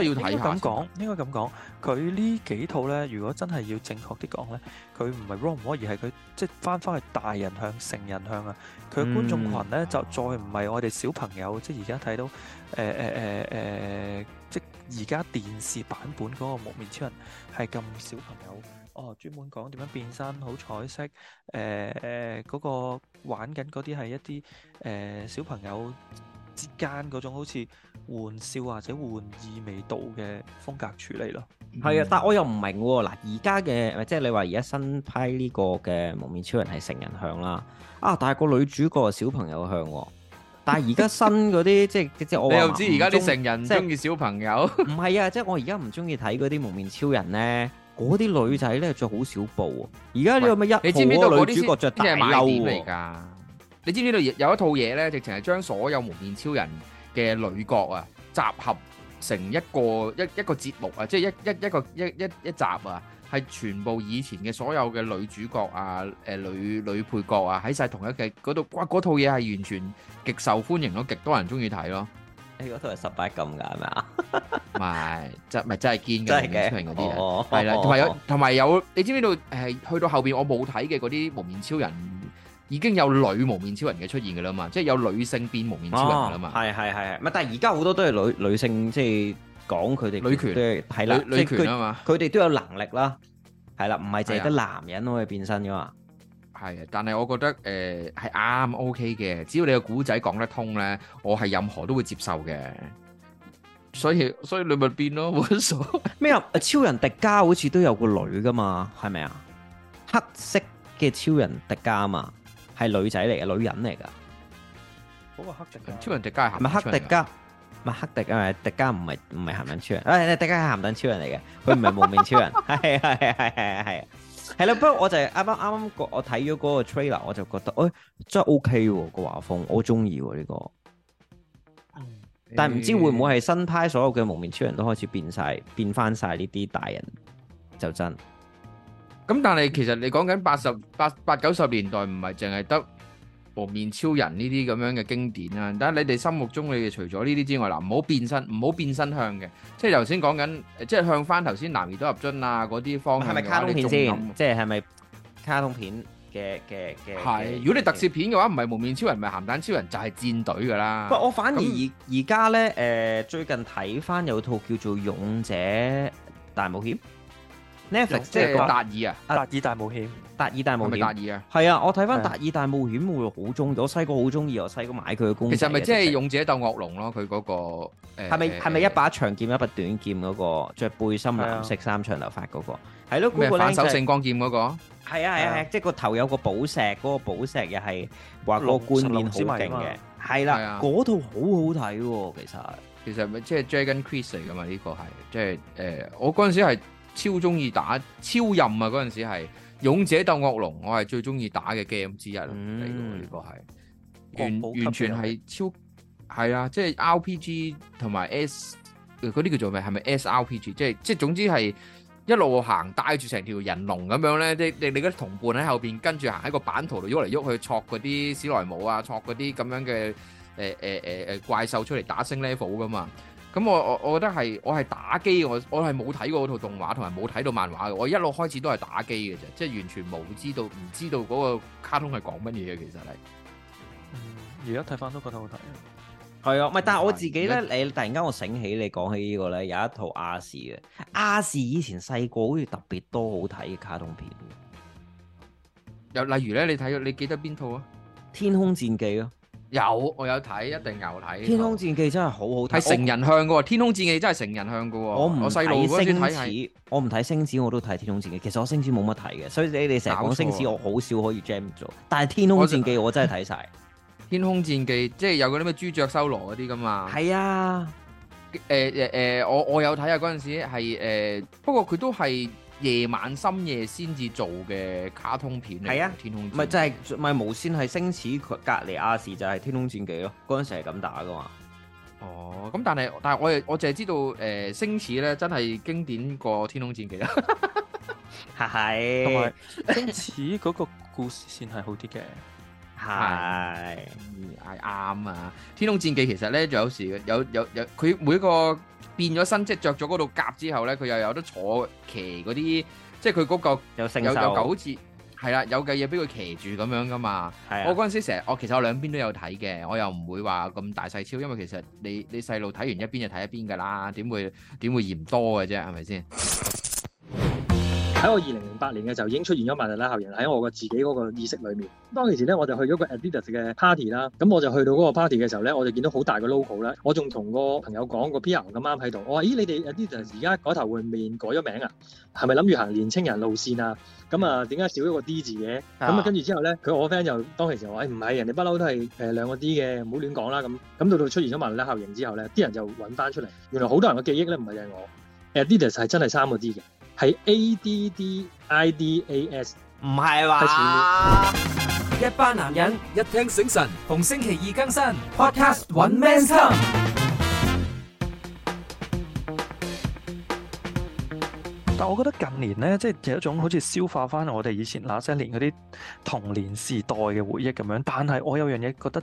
應該咁講，應該咁講。佢呢幾套咧，如果真係要正確啲講咧，佢唔係 rom 唔可以，而係佢即係翻翻去大人向、成人向啊。佢觀眾羣咧就再唔係我哋小朋友，即係而家睇到誒誒誒誒，即係而家電視版本嗰個蒙面超人係咁小朋友哦，專門講點樣變身、好彩色誒誒嗰個玩緊嗰啲係一啲誒小朋友之間嗰種好似，玩笑或者玩意味道嘅風格處理咯，係啊、嗯，但我又唔明喎嗱，而家嘅即係你話而家新批呢個嘅蒙面超人係成人向啦，啊，但係個女主角係小朋友向，但係而家新嗰啲 即係即係我你又知而家啲成人中意小朋友，唔 係啊，即係我而家唔中意睇嗰啲蒙面超人咧，嗰啲女仔咧着好少布，而家呢個咩一你知唔知嘅女主角着嘅係馬甸嚟㗎，你知唔知，知，知道有一套嘢咧，直情係將所有蒙面超人。嘅女角啊，集合成一個一一個節目啊，即係一一一個一一一集啊，係全部以前嘅所有嘅女主角啊，誒、呃、女女配角啊，喺晒同一嘅嗰度，哇！嗰套嘢係完全極受歡迎咯，極多人中意睇咯。誒嗰套係十八禁㗎係咪啊？唔係， 真係真係堅嘅。真係嘅。的超人嗰啲係啦，同埋、哦、有同埋有，你知唔知道誒？去到後邊我冇睇嘅嗰啲蒙面超人。已經有女蒙面超人嘅出現㗎啦嘛，即係有女性變蒙面超人㗎啦嘛，係係係係，唔係但係而家好多都係女女性即係講佢哋女權，係啦，即係女權啊嘛，佢哋都有能力啦，係啦，唔係淨係得男人可以變身嘅嘛，係啊，但係我覺得誒係啱 OK 嘅，只要你個故仔講得通咧，我係任何都會接受嘅，所以所以你咪變咯，冇得數咩啊？超人迪迦好似都有個女嘅嘛，係咪啊？黑色嘅超人迪迦啊嘛～係女仔嚟嘅，女人嚟噶。嗰個黑迪迦，超人迪迦係咪黑迪迦？咪黑迪 啊，迪迦唔係唔係鹹蛋超人。誒，迪迦係鹹蛋超人嚟嘅，佢唔係蒙面超人。係係係係係係。係啦， 不過我就啱啱啱啱，剛剛剛剛我睇咗嗰個 trailer，我就覺得，誒、哎，真係 OK 喎、個畫風，我中意喎呢個。但係唔知會唔會係新派所有嘅蒙面超人都開始變晒，變翻晒呢啲大人就真。咁但係其實你講緊八十八八九十年代唔係淨係得無面超人呢啲咁樣嘅經典啊。但係你哋心目中你哋除咗呢啲之外，嗱唔好變身，唔好變身向嘅，即係頭先講緊，即係向翻頭先男兒當入樽啊嗰啲方向，係咪卡通片先？即係係咪卡通片嘅嘅嘅？係，是的如果你特攝片嘅話，唔係無面超人，唔係鹹蛋超人，就係、是、戰隊噶啦。不，我反而而而家咧，誒、呃、最近睇翻有套叫做《勇者大冒險》。Netflix 即係個達爾啊！達爾大冒險，達爾大冒險係咪達爾啊？係啊！我睇翻達爾大冒險，我好中意。我細個好中意，我細個買佢嘅公仔。其實咪即係勇者鬥惡龍咯？佢嗰個誒係咪係咪一把長劍一把短劍嗰個，著背心藍色衫長頭髮嗰個係咯，嗰、啊那個，那個、就是、反手聖光劍嗰個係啊係係，即係個頭有個寶石，嗰個寶石又係話個冠冕、啊啊那個、好勁嘅。係啦，嗰套好好睇喎，其實、啊、其實咪即係 Dragon Quest 嚟㗎嘛？呢、這個係即係誒，我嗰陣時係。超中意打超任啊！嗰陣時係《勇者鬥惡惡龍》，我係最中意打嘅 game 之一咯。呢個係完完全係超係啊！即係 RPG 同埋 S 嗰啲叫做咩？係咪 S R P G？即係即係總之係一路行，帶住成條人龍咁樣咧。你你嗰啲同伴喺後邊跟住行喺個版圖度喐嚟喐去，戳嗰啲史萊姆啊，戳嗰啲咁樣嘅誒誒誒誒怪獸出嚟打升 level 噶嘛。咁我我我覺得係我係打機，我我係冇睇過嗰套動畫，同埋冇睇到漫畫嘅。我一路開始都係打機嘅啫，即係完全冇知道，唔知道嗰個卡通係講乜嘢嘅。其實係，而家睇翻都覺得好睇。係啊，唔係，但係我自己咧，你突然間我醒起，你講起呢個咧，有一套亞視嘅亞視以前細個好似特別多好睇嘅卡通片。又例如咧，你睇你記得邊套啊？天空戰記啊。有我有睇，一定有睇我《天空戰記》，真係好好睇。係成人向㗎，《天空戰記》真係成人向㗎。我唔我細路嗰陣時，我唔睇星矢，我都睇《天空戰記》。其實我星矢冇乜睇嘅，所以你哋成日講星矢，我好少可以 gem 咗。但係《天空戰記》我真係睇晒，《天空戰記》即係有嗰啲咩豬腳、修羅嗰啲㗎嘛。係啊，誒誒誒，我我有睇啊，嗰陣時係，欸，不過佢都係夜晚深夜先至做嘅卡通片，係啊，天空唔係即係唔係無線係星矢佢隔籬亞視就係《天空戰記》咯，嗰陣時係咁打噶嘛。哦，咁、嗯、但係但係我哋我淨係知道，誒、呃，星矢咧真係經典過《天空戰記》啦 是。哈哈哈哈同埋星矢嗰個故事線係好啲嘅。係，啱啊 Hi.！《天空戰記》其實咧，就有時有有有佢每一個變咗身，即係着咗嗰套甲之後咧，佢又有得坐騎嗰啲，即係佢嗰個有有有狗好似係啦，有嘅嘢俾佢騎住咁樣噶嘛。的我嗰陣時成日，我、哦、其實我兩邊都有睇嘅，我又唔會話咁大細超，因為其實你你細路睇完一邊就睇一邊噶啦，點會點會嫌多嘅啫？係咪先？ 喺我二零零八年嘅時候已經出現咗曼德拉效應喺我嘅自己嗰個意識裏面。當其時咧我就去咗個 Adidas 嘅 party 啦，咁我就去到嗰個 party 嘅時候咧，我就見到好大嘅 logo 啦。我仲同個朋友講個 PR 咁啱喺度，我話：咦，你哋 Adidas 而家改頭換面，改咗名啊？係咪諗住行年青人路線啊？咁啊，點解少咗個 D 字嘅？咁啊，跟住之後咧，佢我 friend 就當其時話：誒，唔係，人哋不嬲都係誒兩個 D 嘅，唔好亂講啦。咁咁到到出現咗曼德拉效應之後咧，啲人就揾翻出嚟，原來好多人嘅記憶咧唔係我，Adidas 係真係三個 D 嘅。係 ADDIDAS，唔係話一班男人一聽醒神，逢星期二更新 Podcast Men's Come 但我覺得近年咧，即係有一種好似消化翻我哋以前那些年嗰啲童年時代嘅回憶咁樣，但係我有樣嘢覺得。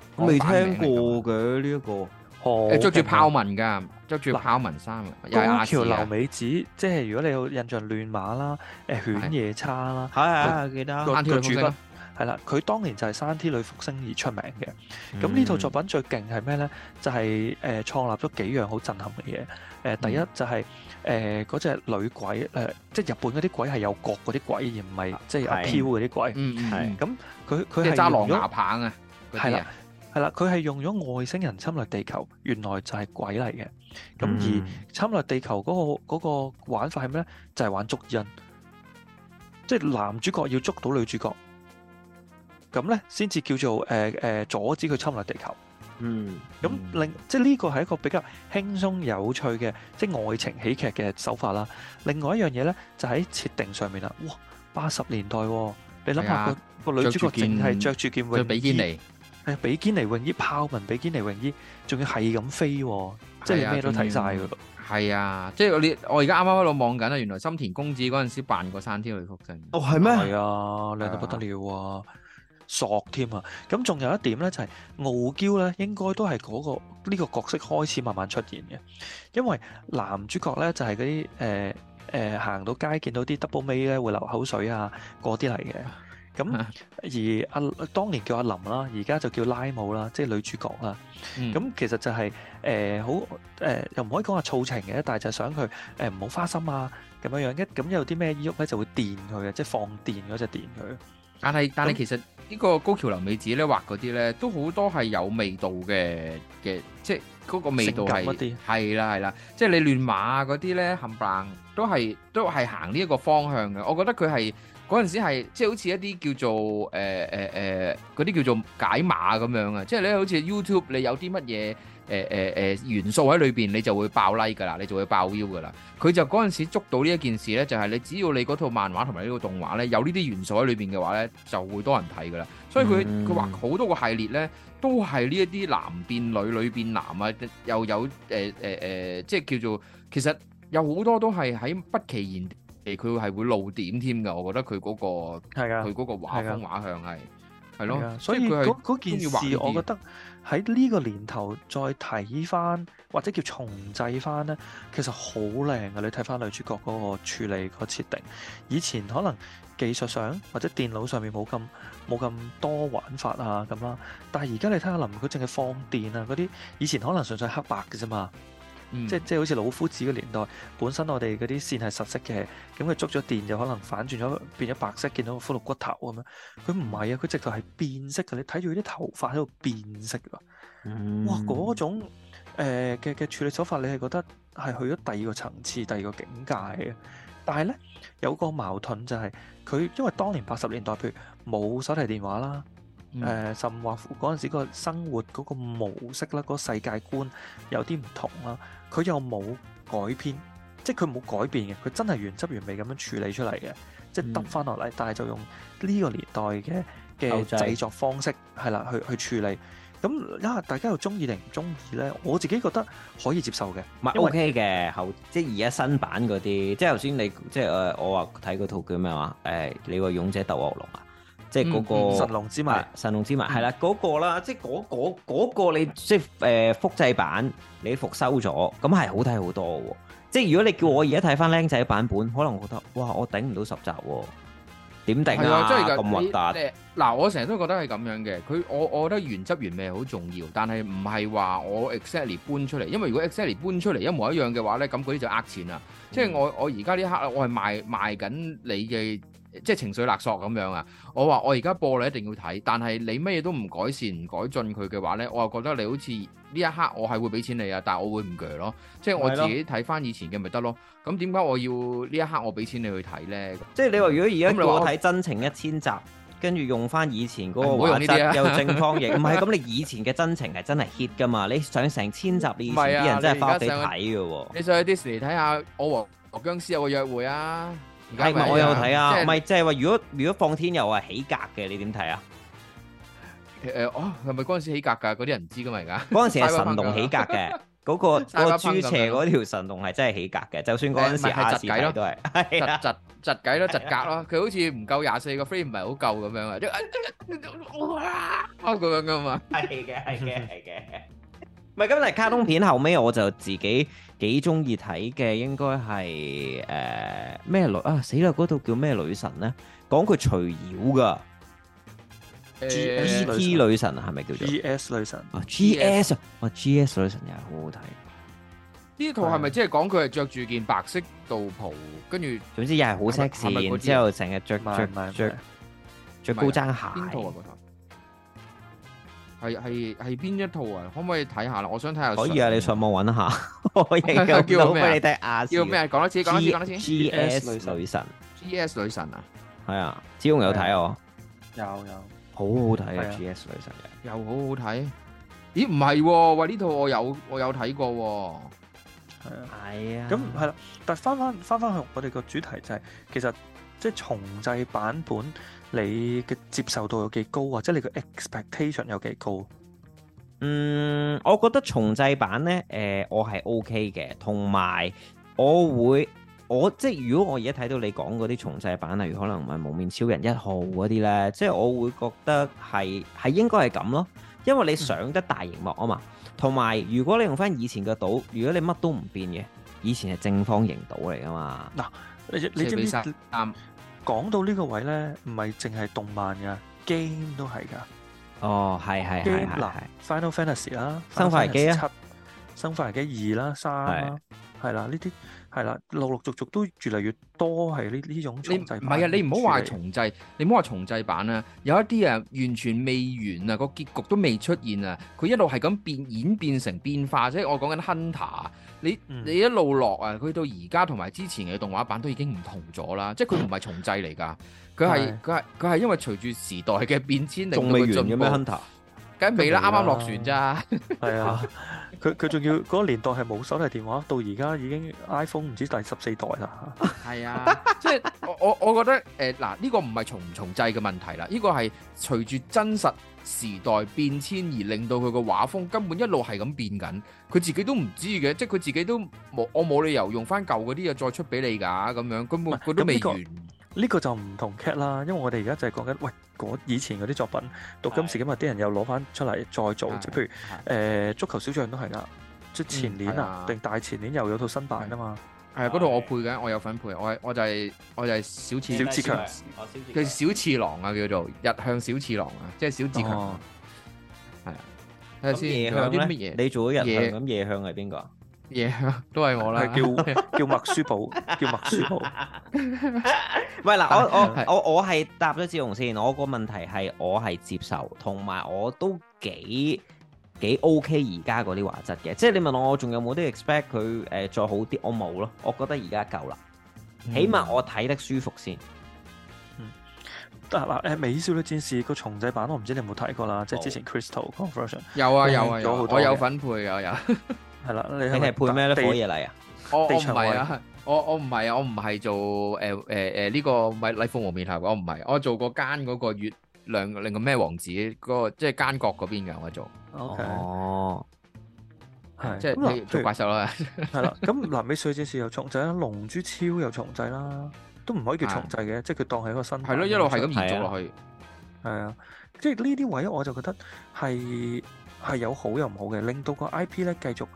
我未聽過嘅呢一個，誒着住豹紋㗎，着住豹紋衫嘅，高橋留美子，即係如果你有印象亂馬啦，誒犬夜叉啦，係係記得。高橋留美子係啦，佢當年就係《山 T 女福星》而出名嘅。咁呢套作品最勁係咩咧？就係誒創立咗幾樣好震撼嘅嘢。誒第一就係誒嗰隻女鬼，誒即係日本嗰啲鬼係有角嗰啲鬼，而唔係即係有飄嗰啲鬼。嗯咁，佢佢係揸狼牙棒啊！係啦。係啦，佢係用咗外星人侵略地球，原來就係鬼嚟嘅。咁而侵略地球嗰個嗰個玩法係咩咧？就係玩捉人，即係男主角要捉到女主角，咁咧先至叫做誒誒阻止佢侵略地球。嗯，咁另即係呢個係一個比較輕鬆有趣嘅即係愛情喜劇嘅手法啦。另外一樣嘢咧就喺設定上面啦。哇，八十年代喎，你諗下個個女主角淨係着住件泳衣。哎、比堅尼泳衣、豹紋比堅尼泳衣，仲要係咁飛，即係咩都睇晒噶咯。係啊，即係、啊啊、你我而家啱啱喺度望緊啊。原來深田恭子嗰陣時扮過山 T 女福星。哦，係咩？係啊，靚到、啊、不得了喎，索添啊！咁仲、啊啊、有一點咧，就係、是、傲嬌咧，應該都係嗰、嗰個呢、呢個角色開始慢慢出現嘅，因為男主角咧就係嗰啲誒誒行到街見到啲 double 尾咧會流口水啊，嗰啲嚟嘅。咁、嗯、而阿、啊、當年叫阿林啦，而家就叫拉姆啦，即係女主角啦。咁、嗯、其實就係誒好誒，又唔可以講話醋情嘅，但係就係想佢誒唔好花心啊咁樣樣。一咁有啲咩喐咧，就會電佢嘅，即係放電嗰隻電佢。但係但係其實呢個高橋留美子咧畫嗰啲咧，都好多係有味道嘅嘅，即係嗰個味道係係啦係啦，即係你亂馬嗰啲咧冚唪唥都係都係行呢一個方向嘅。我覺得佢係。嗰陣時係即係好似一啲叫做誒誒誒啲叫做解碼咁樣啊！即係你好似 YouTube 你有啲乜嘢誒誒誒元素喺裏邊，你就會爆 like 噶啦，你就會爆 U 噶啦。佢就嗰陣時捉到呢一件事咧，就係、是、你只要你嗰套漫畫同埋呢個動畫咧有呢啲元素喺裏邊嘅話咧，就會多人睇噶啦。所以佢佢、嗯、畫好多個系列咧，都係呢一啲男變女，女變男啊，又有誒誒誒，即係叫做其實有好多都係喺不其然。誒佢係會露點添㗎，我覺得佢嗰、嗰個佢嗰的個畫風畫向係係咯，所以嗰嗰它件事，我覺得喺呢個年頭再睇翻或者叫重製翻咧，其實好靚嘅。你睇翻女主角嗰個處理、個設定，以前可能技術上或者電腦上面冇咁冇咁多玩法啊咁啦，但係而家你睇下林，佢淨係放電啊嗰啲，以前可能純粹係黑白嘅啫嘛。即係即係好似老夫子個年代，本身我哋嗰啲線係實色嘅，咁佢捉咗電就可能反轉咗，變咗白色，見到個骷髏骨頭咁樣。佢唔係啊，佢直頭係變色嘅。你睇住佢啲頭髮喺度變色㗎。嗯、哇，嗰種嘅嘅、呃、處理手法，你係覺得係去咗第二個層次、第二個境界嘅。但係呢，有個矛盾就係、係、佢，因為當年八十年代譬如冇手提電話啦，誒、呃，甚至話嗰陣時個生活嗰個模式啦、嗰、嗰個世界觀有啲唔同啦。佢又冇改編，即係佢冇改變嘅，佢真係原汁原味咁樣處理出嚟嘅，即係得翻落嚟，嗯、但係就用呢個年代嘅嘅製作方式係啦、就是，去去處理。咁因為大家又中意定唔中意咧，我自己覺得可以接受嘅，唔係不為 OK 嘅後，即係而家新版嗰啲，即係頭先你即係誒、呃，我話睇嗰套叫咩話，誒、欸、你話《勇者鬥惡龍》啊。即係嗰、那個神龍之物，神龍之物係、啊啊、啦，嗰、那個啦，即係嗰、那個那個你，即係誒、呃、複製版，你復修咗，咁係好睇好多喎。即係如果你叫我而家睇翻僆仔版本，可能我覺得哇，我頂唔到十集喎、啊，點頂啊？咁核突。嗱、就是，我成日都覺得係咁樣嘅。佢我我覺得原汁原味好重要，但係唔係話我 exactly 搬出嚟？因為如果 exactly 搬出嚟一模一樣嘅話咧，咁嗰啲就呃錢啦。即係、嗯、我我而家呢刻，我係賣,賣賣緊你嘅。即係情緒勒索咁樣啊！我話我而家播你一定要睇，但係你乜嘢都唔改善唔改進佢嘅話咧，我又覺得你好似呢一刻我係會俾錢你啊，但係我會唔鋸咯，即係我自己睇翻以前嘅咪得咯。咁點解我要呢一刻我俾錢去呢你去睇咧？即係你話如果而家我睇真情一千集，跟住用翻以前嗰個畫質用、啊、又正方形，唔係咁你以前嘅真情係真係 hit 噶嘛？你想成千集你以前啲人、啊、真係花鬼睇嘅喎？的你想去 Disney 睇下《我和僵屍有個約會》啊？係我有睇啊？唔係，即係是話如果如果放天佑係起格嘅，你點睇啊？誒誒、呃，哦，係咪嗰陣時起格噶？嗰啲人唔知噶嘛？而家嗰陣時係神龍起格嘅，嗰、 那個 個豬蛇嗰條神龍係真係起格嘅。就算嗰陣時阿志仔都係，係啊，窒窒窒計咯，窒格咯。佢好似唔夠廿四個 free，唔係好夠咁樣啊！哇，咁樣噶嘛？係嘅，係嘅，係嘅。唔係咁嚟卡通片，後尾我就自己幾中意睇嘅，應該係誒咩女啊死啦！嗰套叫咩女神咧？講佢除妖噶，G t 女神係咪叫做 GS G S 女神啊？G S 啊，G S 女神又好好睇。呢套係咪即係講佢係着住件白色道袍，跟住總之又係好 sexy，然之後成日着著著高踭鞋是。啊係係係邊一套啊？可唔可以睇下啦？我想睇下。可以啊，你上網搵下。可以 叫咩麼？叫咩？講多次，講多次，講多 G 次。 G S 女神。 G S 女神啊？係啊，子榮有睇哦、啊。有有。好好睇啊！G S, 啊 GS 女神、啊、 又。又好好睇。咦？唔係喎？喂，呢套我有我有睇過喎。係啊。係啊。咁係啦，但翻翻翻翻去我哋個主題就係、是，其實即係重製版本。你嘅接受度有幾高啊？即、就、係、是、你嘅 expectation 有幾高、啊？嗯，我覺得重製版呢，誒、呃，我係 OK 嘅，同埋我會，我即係如果我而家睇到你講嗰啲重製版，例如可能唔係蒙面超人一號嗰啲呢，即係我會覺得係係應該係咁咯，因為你上得大熒幕啊嘛，同埋、嗯、如果你用翻以前嘅島，如果你乜都唔變嘅，以前係正方形島嚟噶嘛，嗱、啊，你你知唔知？講到呢個位咧，唔係淨係動漫嘅，game 都係噶。哦，係係係。嗱，Final Fantasy 啦，啊，《生化危機》七，《生化危機》二啦、三啦，係啦，呢啲。係啦，陸陸續續都越嚟越多係呢呢種重製。唔係啊，你唔好話重製，你唔好話重製版啦。有一啲啊，完全未完啊，個結局都未出現啊。佢一路係咁變演變成變化，即係我講緊 Hunter，你你一路落啊，佢到而家同埋之前嘅動畫版都已經唔同咗啦。即係佢唔係重製嚟㗎，佢係佢係佢係因為隨住時代嘅變遷，令到佢進步。仲未完㗎嘛 Hunter？梗未啦，啱啱落船咋。係啊。 佢佢仲要嗰年代係冇手提電話，到而家已經 iPhone 唔知第十四代啦。係啊，即係我我我覺得誒嗱，呢個唔係重唔重製嘅問題啦，呢個係隨住真實時代變遷而令到佢個畫風根本一路係咁變緊，佢自己都唔知嘅，即係佢自己都冇我冇理由用翻舊嗰啲嘢再出俾你㗎咁樣，根本佢都未完。呢個就唔同劇啦，因為我哋而家就係講緊，喂，嗰以前嗰啲作品，到今時今日啲人又攞翻出嚟再做，即係譬如誒足球小將都係啦，即前年啊定大前年又有套新版啊嘛，係啊，嗰套我配嘅，我有份配，我係我就係我就係小志小志強，佢小次郎啊叫做，日向小次郎啊，即係小志強，係啊，睇下先有啲乜嘢，你做咗日向咁夜向係邊個？嘢、yeah, 都係我 啦，叫叫麥書寶，叫麥書寶。唔係嗱，我我我我係答咗志榮先，我個問題係我係接受，同埋我都幾幾 OK 而家嗰啲畫質嘅，即係的你問我我仲有冇啲 expect 佢誒再好啲，我冇咯，我覺得而家夠啦，起碼我睇得舒服先。嗯，得啦，誒，《美少女戰士》個重製版我唔知你有冇睇過啦，沒 即係之前 Crystal Conversion 有啊有啊有啊，我有分、啊、配有、啊、有、啊。有啊 係啦，你係配咩咧？火影嚟啊？我唔係啊，我我唔係啊，我唔係做誒誒誒呢個咪係《烈風面》片頭，我唔係，我做過奸嗰個月亮，另一個咩王子嗰個，即係奸角嗰邊嘅我做。哦，係即係做怪獸啦。係啦，咁南美少女戰士有重製啦，龍珠超有重製啦，都唔可以叫重製嘅，即係佢當係一個新係咯，一路係咁延續落去。係啊，即係呢啲位我就覺得係係有好又唔好嘅，令到個 I P 咧繼續。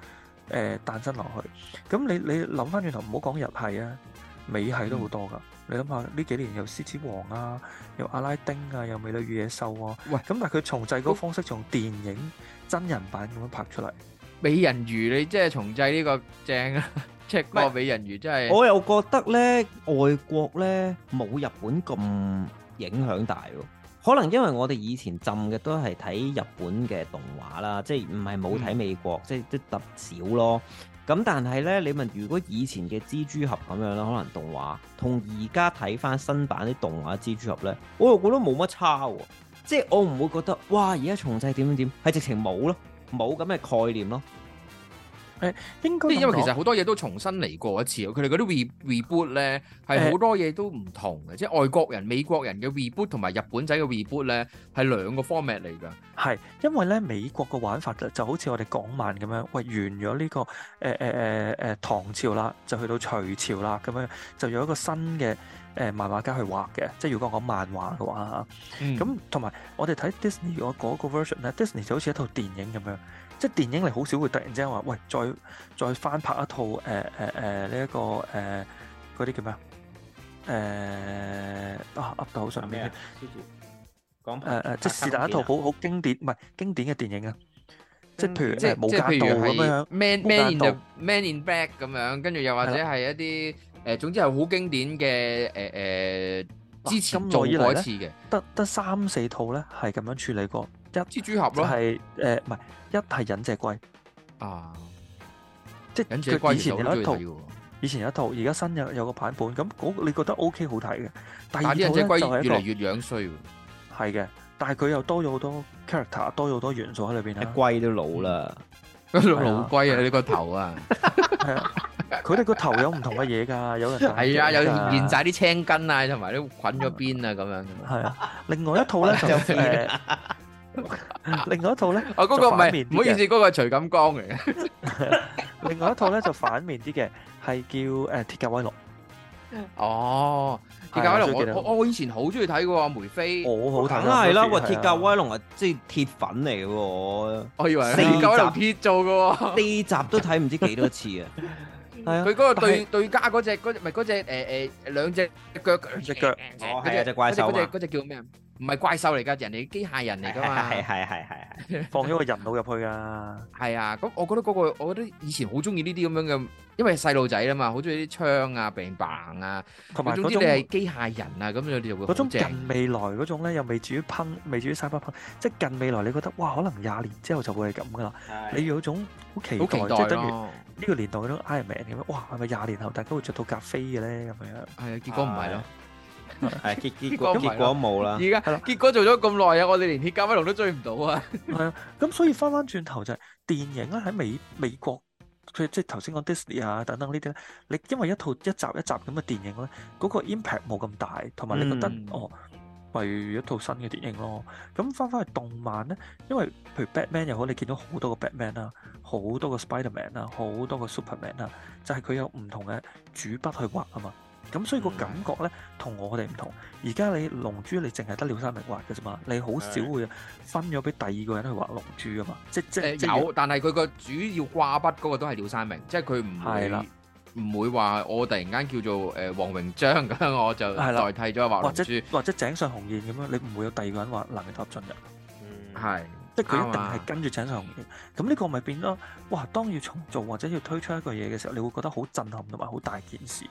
誒誕生落去，咁你你諗返轉頭，唔好講日系啊，美系都好多㗎。嗯、你諗下呢幾年有獅子王啊，有阿拉丁啊，有美女與野獸啊。喂，咁但係佢重製嗰個方式，從電影喂真人版咁樣拍出嚟。美人魚你即係重製呢、這個正啊，赤哥美人魚真係。我又覺得咧，外國咧冇日本咁影響大喎。可能因為我哋以前浸嘅都係睇日本嘅動畫啦，即係唔係冇睇美國，嗯、即係都特少咯。咁但係呢，你問如果以前嘅蜘蛛俠咁樣啦，可能動畫同而家睇翻新版啲動畫蜘蛛俠呢，我又覺得冇乜差喎、啊。即係我唔會覺得哇，而家重製點點點，係直情冇咯，冇咁嘅概念咯。應該因為其實好多嘢都重新嚟過一次。佢哋嗰啲 re, reboot 咧係好多嘢都唔同嘅，欸、即係外國人、美國人嘅 reboot 同埋日本仔嘅 reboot 咧係兩個 format 嚟㗎。係因為咧美國嘅玩法就好似我哋港漫咁樣，喂完咗呢、呢個誒誒誒誒唐朝啦，就去到隋朝啦咁樣，就有一個新嘅誒、呃、漫畫家去畫嘅。即係如果講漫畫嘅話，咁同埋我哋睇 Disney 嗰嗰個 version 咧，Disney 就好似一套電影咁樣。即係電影嚟，好少會突然之間話，喂，再再翻拍一套誒誒誒呢一個誒嗰啲叫咩啊？誒啊 up 到好上邊嘅，講誒誒，即是那一套好好經典，唔係經典嘅電影啊！即係譬如即係即係譬如咩咩 in the Men in Black 咁樣，跟住又或者係一啲誒，總之係好經典嘅誒誒，之前做依類咧，得得三四套咧，係咁樣處理過。蜘蛛俠咯，係誒，唔係一係忍者龜啊，即係忍者龜以前有一套，以前有一套，而家新有有個版本，咁嗰你覺得 OK 好睇嘅？但係忍者龜越嚟越樣衰，係嘅，但係佢又多咗好多 character，多咗好多元素喺裏邊啊。龜都老啦，老龜啊，你個頭啊，係啊，佢哋個頭有唔同嘅嘢噶，有人係啊，有現晒啲青筋啊，同埋啲滾咗邊啊，咁樣嘅。係啊，另外一套咧就係。另外一套咧，哦，嗰個唔係，唔好意思，嗰個係徐錦江嚟嘅。另外一套咧就反面啲嘅，係叫誒《鐵甲威龍》。哦，《鐵甲威龍》，我我以前好中意睇嘅喎，梅飛。我好睇。梗係啦，《鐵甲威龍》係即係鐵粉嚟嘅喎。我以為。鐵甲威龍鐵做嘅，四集都睇唔知幾多次啊！係啊。佢嗰個對對家嗰隻嗰唔係嗰隻誒誒兩隻腳兩隻腳，哦係隻怪獸嘛？嗰隻叫咩？唔係怪獸嚟㗎，人哋機械人嚟㗎嘛，係係係係係，放咗個人腦入去啊！係啊，咁我覺得嗰、嗰個，我覺得以前好中意呢啲咁樣嘅，因為細路仔啊嘛，好中意啲槍啊、兵棒啊，同埋還有 總之種你係機械人啊，咁有啲就會嗰種近未來嗰種咧，又未至於烹，未至於三八烹，即係近未來，你覺得哇，可能廿年之後就會係咁㗎啦，是你有種好奇怪，期待啊、即係等於呢個年代嗰種 Iron Man 哇，係咪廿年後大家會着到咖啡嘅咧咁樣？係啊，結果唔係咯。係 結果結果冇啦，而家結果做咗咁耐啊， 了我哋連鐵甲威龍都追唔到啊 ！係啊，咁所以翻翻轉頭就係、是、電影咧喺美美國，佢即係頭先講 Disney 啊等等呢啲咧，你因為一套一集一集咁嘅電影咧，嗰、那個 impact 冇咁大，同埋你覺得、嗯、哦，為、就是、一套新嘅電影咯，咁翻翻去動漫咧，因為譬如 Batman 又好，你見到好多個 Batman 啊，好多個 Spiderman 啊，好多個 Superman 啊，就係佢有唔同嘅主筆去畫啊嘛。咁所以個感覺咧，同我哋唔同。而家你龍珠，你淨係得廖山明畫嘅啫嘛。你好少會分咗俾第二個人去畫龍珠啊嘛。即即有，但係佢個主要掛筆嗰個都係廖山明，即係佢唔係啦，唔會話我突然間叫做誒黃榮章咁樣，我就係啦代替咗畫龍珠，或者井上紅燕咁樣，你唔會有第二個人畫南極突進嘅。嗯，係即係佢一定係跟住井上紅燕咁，呢個咪變咗哇。當要重做或者要推出一個嘢嘅時候，你會覺得好震撼同埋好大件事。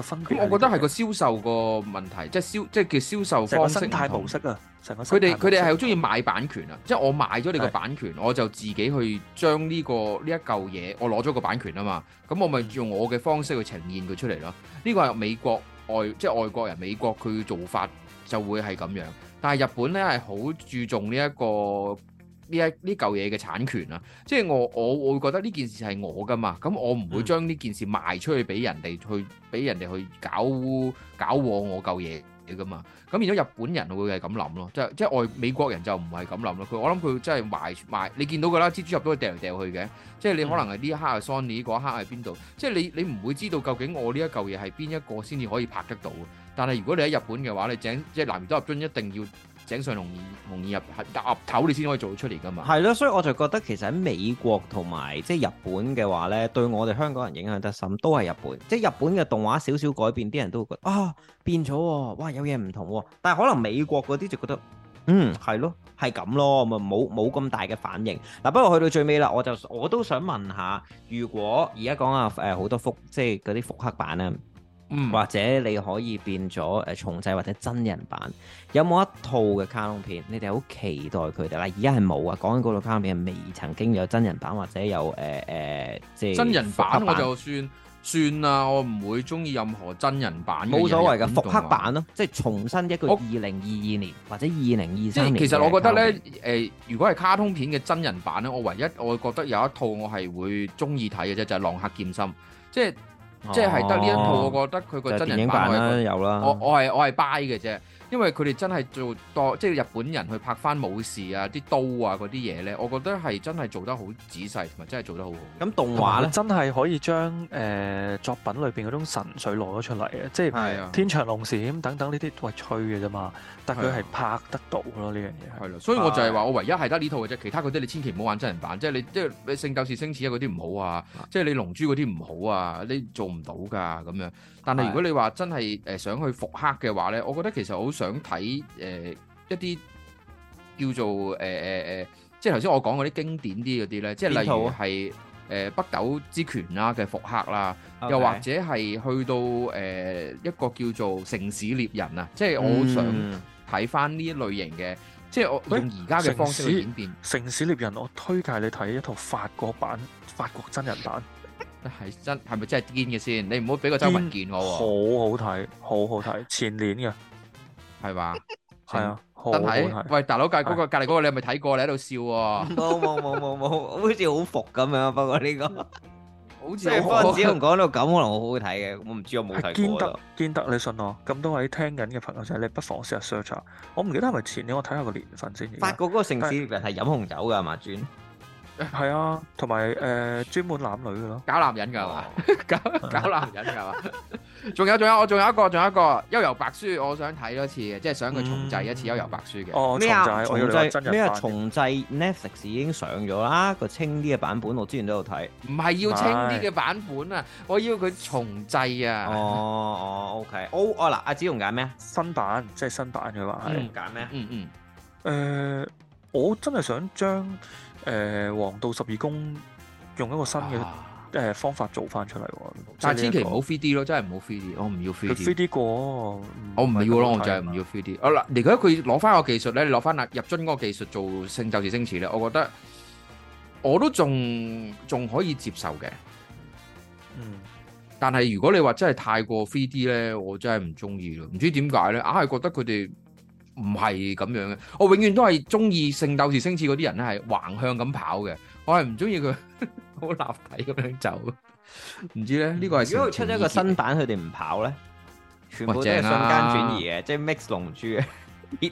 咁、嗯、我覺得係個銷售個問題，即係銷即係叫銷售方式，生態模式啊。佢哋佢哋係好中意買版權啊，即係我買咗你個版權，的我就自己去將呢、這個呢一嚿嘢，我攞咗個版權啊嘛，咁我咪用我嘅方式去呈現佢出嚟咯。呢、這個係美國外即係、就是、外國人美國佢做法就會係咁樣，但係日本咧係好注重呢、這、一個，呢一呢舊嘢嘅產權啊，即係我我，我會覺得呢件事係我噶嘛，咁我唔會將呢件事賣出去俾人哋去俾人哋去搞污搞和我舊嘢嘢噶嘛。咁變咗日本人會係咁諗咯，即係即係外美國人就唔係咁諗咯。佢我諗佢真係賣賣，你見到佢啦，蜘蛛俠都掉嚟掉去嘅，即係你可能係呢一刻係 Sony，嗰一刻係邊度？即係你你唔會知道究竟我呢一舊嘢係邊一個先至可以拍得到。但係如果你喺日本嘅話你整即係南魚多入樽一定要。頂上容易容易入係夾頭，你先可以做出嚟噶嘛？係咯，所以我就覺得其實喺美國同埋即係日本嘅話咧，對我哋香港人影響得深，都係日本。即係日本嘅動畫少少改變，啲人都會覺得啊，哦，變咗喎，哇有嘢唔同喎、啊。但係可能美國嗰啲就覺得嗯係咯，係咁咯，咪冇冇咁大嘅反應嗱。不過去到最尾啦，我就我都想問下，如果而家講啊誒好多幅即係嗰啲複刻版咧？或者你可以變咗誒重製或者真人版，有冇一套嘅卡通片？你哋好期待佢哋啦！而家係冇啊，講緊嗰套卡通片係未曾經有真人版或者有誒誒、呃呃，即真人版我就算算啦，我唔會中意任何真人版冇所謂嘅復刻版咯、啊，即係重新一個二零二二年我或者二零二三年。其實我覺得呢，誒、呃，如果係卡通片嘅真人版咧，我唯一我覺得有一套我係會中意睇嘅啫，就係、係《浪客劍心》即，即係。即係得呢一套，哦、我覺得佢個真人版啦、啊，有啦。我我係我係 buy 嘅啫。因為佢哋真係做多，即係日本人去拍翻武士啊、啲刀啊嗰啲嘢咧，我覺得係真係做得好仔細，同埋真係做得好好。咁動畫咧， 真係可以將誒、呃、作品裏邊嗰種神髓攞咗出嚟嘅，即係、啊、天翔龍閃等等呢啲都係吹嘅啫嘛。但佢係拍得到咯呢樣嘢。係啦、啊，啊、所以我就係話，我唯一係得呢套嘅啫，其他嗰啲你千祈唔好玩真人版，即係你即係聖鬥士星矢啊嗰啲唔好啊，即係、啊、你龍珠嗰啲唔好啊，你做唔到㗎咁樣。但係如果你話真係誒想去復刻嘅話咧，我覺得其實好想睇誒、呃、一啲叫做誒誒誒，即係頭先我講嗰啲經典啲嗰啲咧，即係例如係誒、呃、北斗之拳啦嘅復刻啦，Okay. 又或者係去到誒、呃、一個叫做城市獵人啊，即係我好想睇翻呢一類型嘅，嗯、即係我用而家嘅方式去演變城市獵人，我推介你睇一套法國版法國真人版。係真係咪真係堅嘅先？你唔好俾個周文健我喎。好好睇，好好睇，前年嘅，係嘛？係啊，好睇！喂，大佬隔嗰個隔籬嗰個，你係咪睇過？你喺度笑喎。冇冇冇冇好似好服咁樣。不過呢個好似方子雄講到咁，可能我好好睇嘅。我唔知我冇睇過。堅得，堅得，你信我。咁多位聽緊嘅朋友仔，你不妨試下 search。我唔記得係咪前年我睇下個年份先。發覺嗰個城市人係飲紅酒噶係嘛？轉。係啊，同埋誒，專門攬女嘅咯，搞男人噶係嘛，搞搞男人噶嘛。仲有仲有，我仲有一個，仲有一個《幽遊白書》，我想睇多次嘅，即係想佢重製一次《幽遊白書》嘅。哦，重製，我要睇真人版。咩啊？重製 Netflix 已經上咗啦，個清啲嘅版本，我之前都有睇。唔係要清啲嘅版本啊，我要佢重製啊。哦哦，OK，O 哦嗱，阿子榮揀咩？新版，即係新版嘅話係。唔揀咩？嗯嗯，誒，我真係想將。誒黃、呃、道十二宮用一個新嘅誒、啊呃、方法做翻出嚟，但、這個、千祈唔好 three d 咯，真係唔好 three d 我唔要 three d，佢 three d 過，我唔要咯，我就係唔要 three d。啊嗱，而家佢攞翻個技術咧，攞翻嗱入樽嗰個技術做聖鬥士星矢咧，我覺得我都仲仲可以接受嘅。嗯，但係如果你話真係太過 three d 咧，我真係唔中意咯，唔知點解咧，硬、啊、係覺得佢哋。唔係咁樣嘅，我永遠都係中意聖鬥士星矢嗰啲人咧，係橫向咁跑嘅，我係唔中意佢好立體咁樣走。唔知咧，呢、這個係如果佢出咗一個新版，佢哋唔跑咧，全部都係瞬間轉移嘅，啊、即係 mix 龍珠嘅。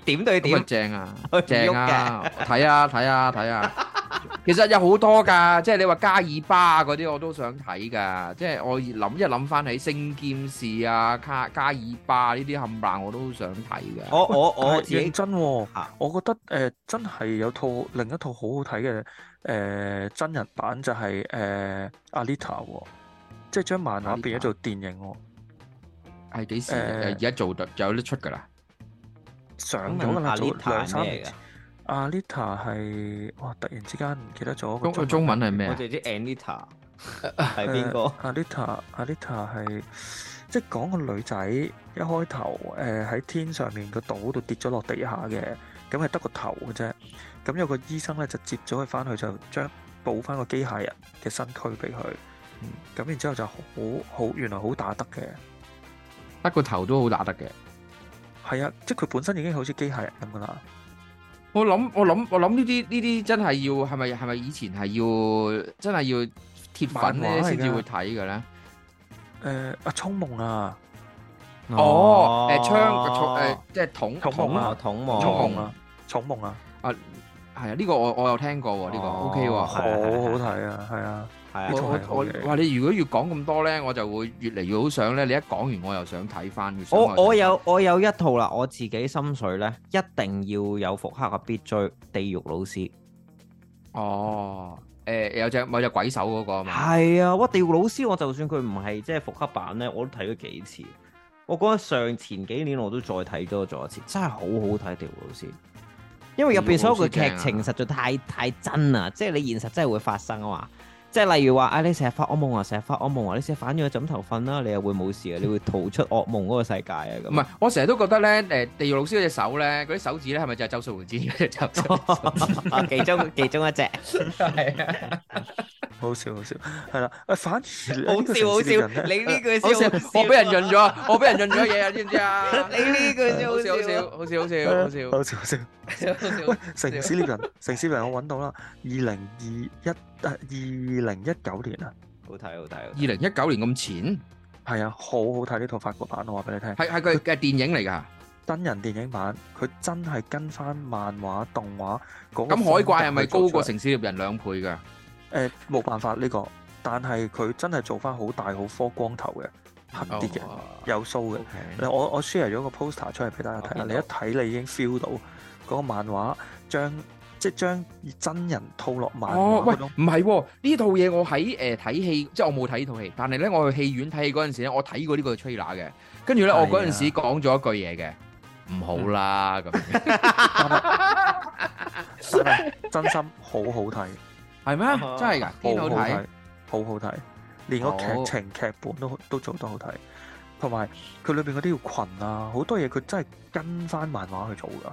點對點正啊，正啊，睇啊睇啊睇啊！其實有好多噶，即係你話加爾巴嗰啲，我都想睇噶。即、就、係、是、我諗一諗，翻起聖劍士啊、卡加爾巴呢啲冚唪唥，我都想睇噶。我我我認真、哦、啊、我覺得誒、呃、真係有套另一套好好睇嘅誒真人版、就是，就係誒阿麗塔，即係將漫畫變咗做電影。係幾時？而家、啊啊、做到有得出噶啦。想咗阿 Lita 阿 Lita 係哇，突然之間唔記得咗個中文係咩？我哋啲 Anita 係邊個？阿 Lita，阿 Lita 係即係講個女仔一開頭誒喺天上面個島度跌咗落地下嘅，咁係得個頭嘅啫。咁有個醫生咧就接咗佢翻去，就將補翻個機械人嘅身軀俾佢。嗯，咁然之後就好好，原來好打得嘅，得個頭都好打得嘅。係啊，即係佢本身已經好似機械咁噶啦。我諗我諗我諗呢啲呢啲真係要係咪係咪以前係要真係要貼粉咧先至會睇嘅咧？誒，阿聰夢啊，哦，誒，槍誒，即係筒聰夢聰夢聰夢啊，啊！係啊，呢個我我有聽過喎，呢個 O K 喎，好好睇啊，係啊，係啊，我我哇，你如果越講咁多咧，我就會越嚟越好想咧。你一講完，我又想睇翻。我有我有一套啦，我自己心水咧，一定要有復刻嘅必追《地獄老師》。哦，誒，有隻咪就鬼手嗰個啊嘛？係啊，我《地獄老師》，我就算佢唔係即係復刻版咧，我都睇咗幾次。我覺得上前幾年我都再睇多咗一次，真係好好睇《地獄老師》。因為入邊所有嘅劇情實在太太真喇，即係你現實真係會發生啊嘛。即係例如話，啊你成日發惡夢啊，成日發惡夢啊，你成日反咗個枕頭瞓啦，你又會冇事啊，你會逃出惡夢嗰個世界啊！唔係，我成日都覺得咧，誒，地獄老師嗰隻手咧，嗰啲手指咧，係咪就係周秀賢嗰隻手？其中其中一隻，係啊，好笑好笑，係啦，反而？好笑好笑，你呢句笑，我俾人潤咗，我俾人潤咗嘢，知唔知啊？你呢句笑，好笑好笑，好笑好笑，好笑好笑，喂，城市獵人，城市獵人，我搵到啦，二零二一。二零一九年啊，好睇好睇。二零一九年咁前，係啊，好好睇呢套法國版，我話俾你聽。係係佢嘅電影嚟噶，真人電影版，佢真係跟翻漫畫動畫。咁海怪係咪高過城市獵人兩倍噶？誒，冇辦法呢個，但係佢真係做翻好大好科光頭嘅黑啲嘅，有 show 嘅。我我 share 咗個 poster 出嚟俾大家睇啦，你一睇你已經 feel 到嗰個漫畫將。即將真人套落埋。哦，喂，唔係呢套嘢，我喺誒睇戲，即係我冇睇呢套戲。但係咧，我去戲院睇戲嗰陣時咧，我睇過呢個 trailer 嘅。跟住咧，我嗰陣時講咗一句嘢嘅，唔好啦咁。真心好好睇，係咩？真係㗎，好好睇，好好睇。連個劇情劇本都都做得好睇，同埋佢裏邊嗰啲群啊，好多嘢佢真係跟翻漫畫去做㗎。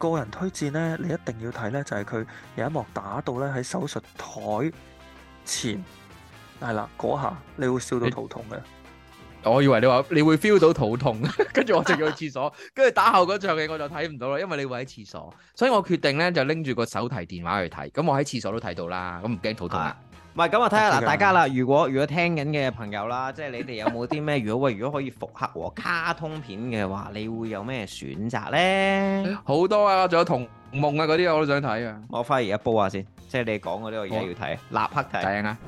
個人推薦呢，你一定要睇呢，就係、是、佢有一幕打到呢，喺手術台前，係啦嗰下，你會笑到肚痛嘅。我以為你話你會 feel 到肚痛，跟 住我就要去廁所，跟住打後嗰場戲我就睇唔到啦，因為你會喺廁所，所以我決定呢，就拎住個手提電話去睇。咁我喺廁所都睇到啦，咁唔驚肚痛。啊。唔係咁啊！睇下嗱，看看大家啦，如果如果聽緊嘅朋友啦，即係你哋有冇啲咩？ 如果喂，如果可以復刻和卡通片嘅話，你會有咩選擇咧？好多啊，仲有同夢啊嗰啲我都想睇啊！我翻而家煲下先，即係你講嗰啲我而家要睇，好立刻睇定啊！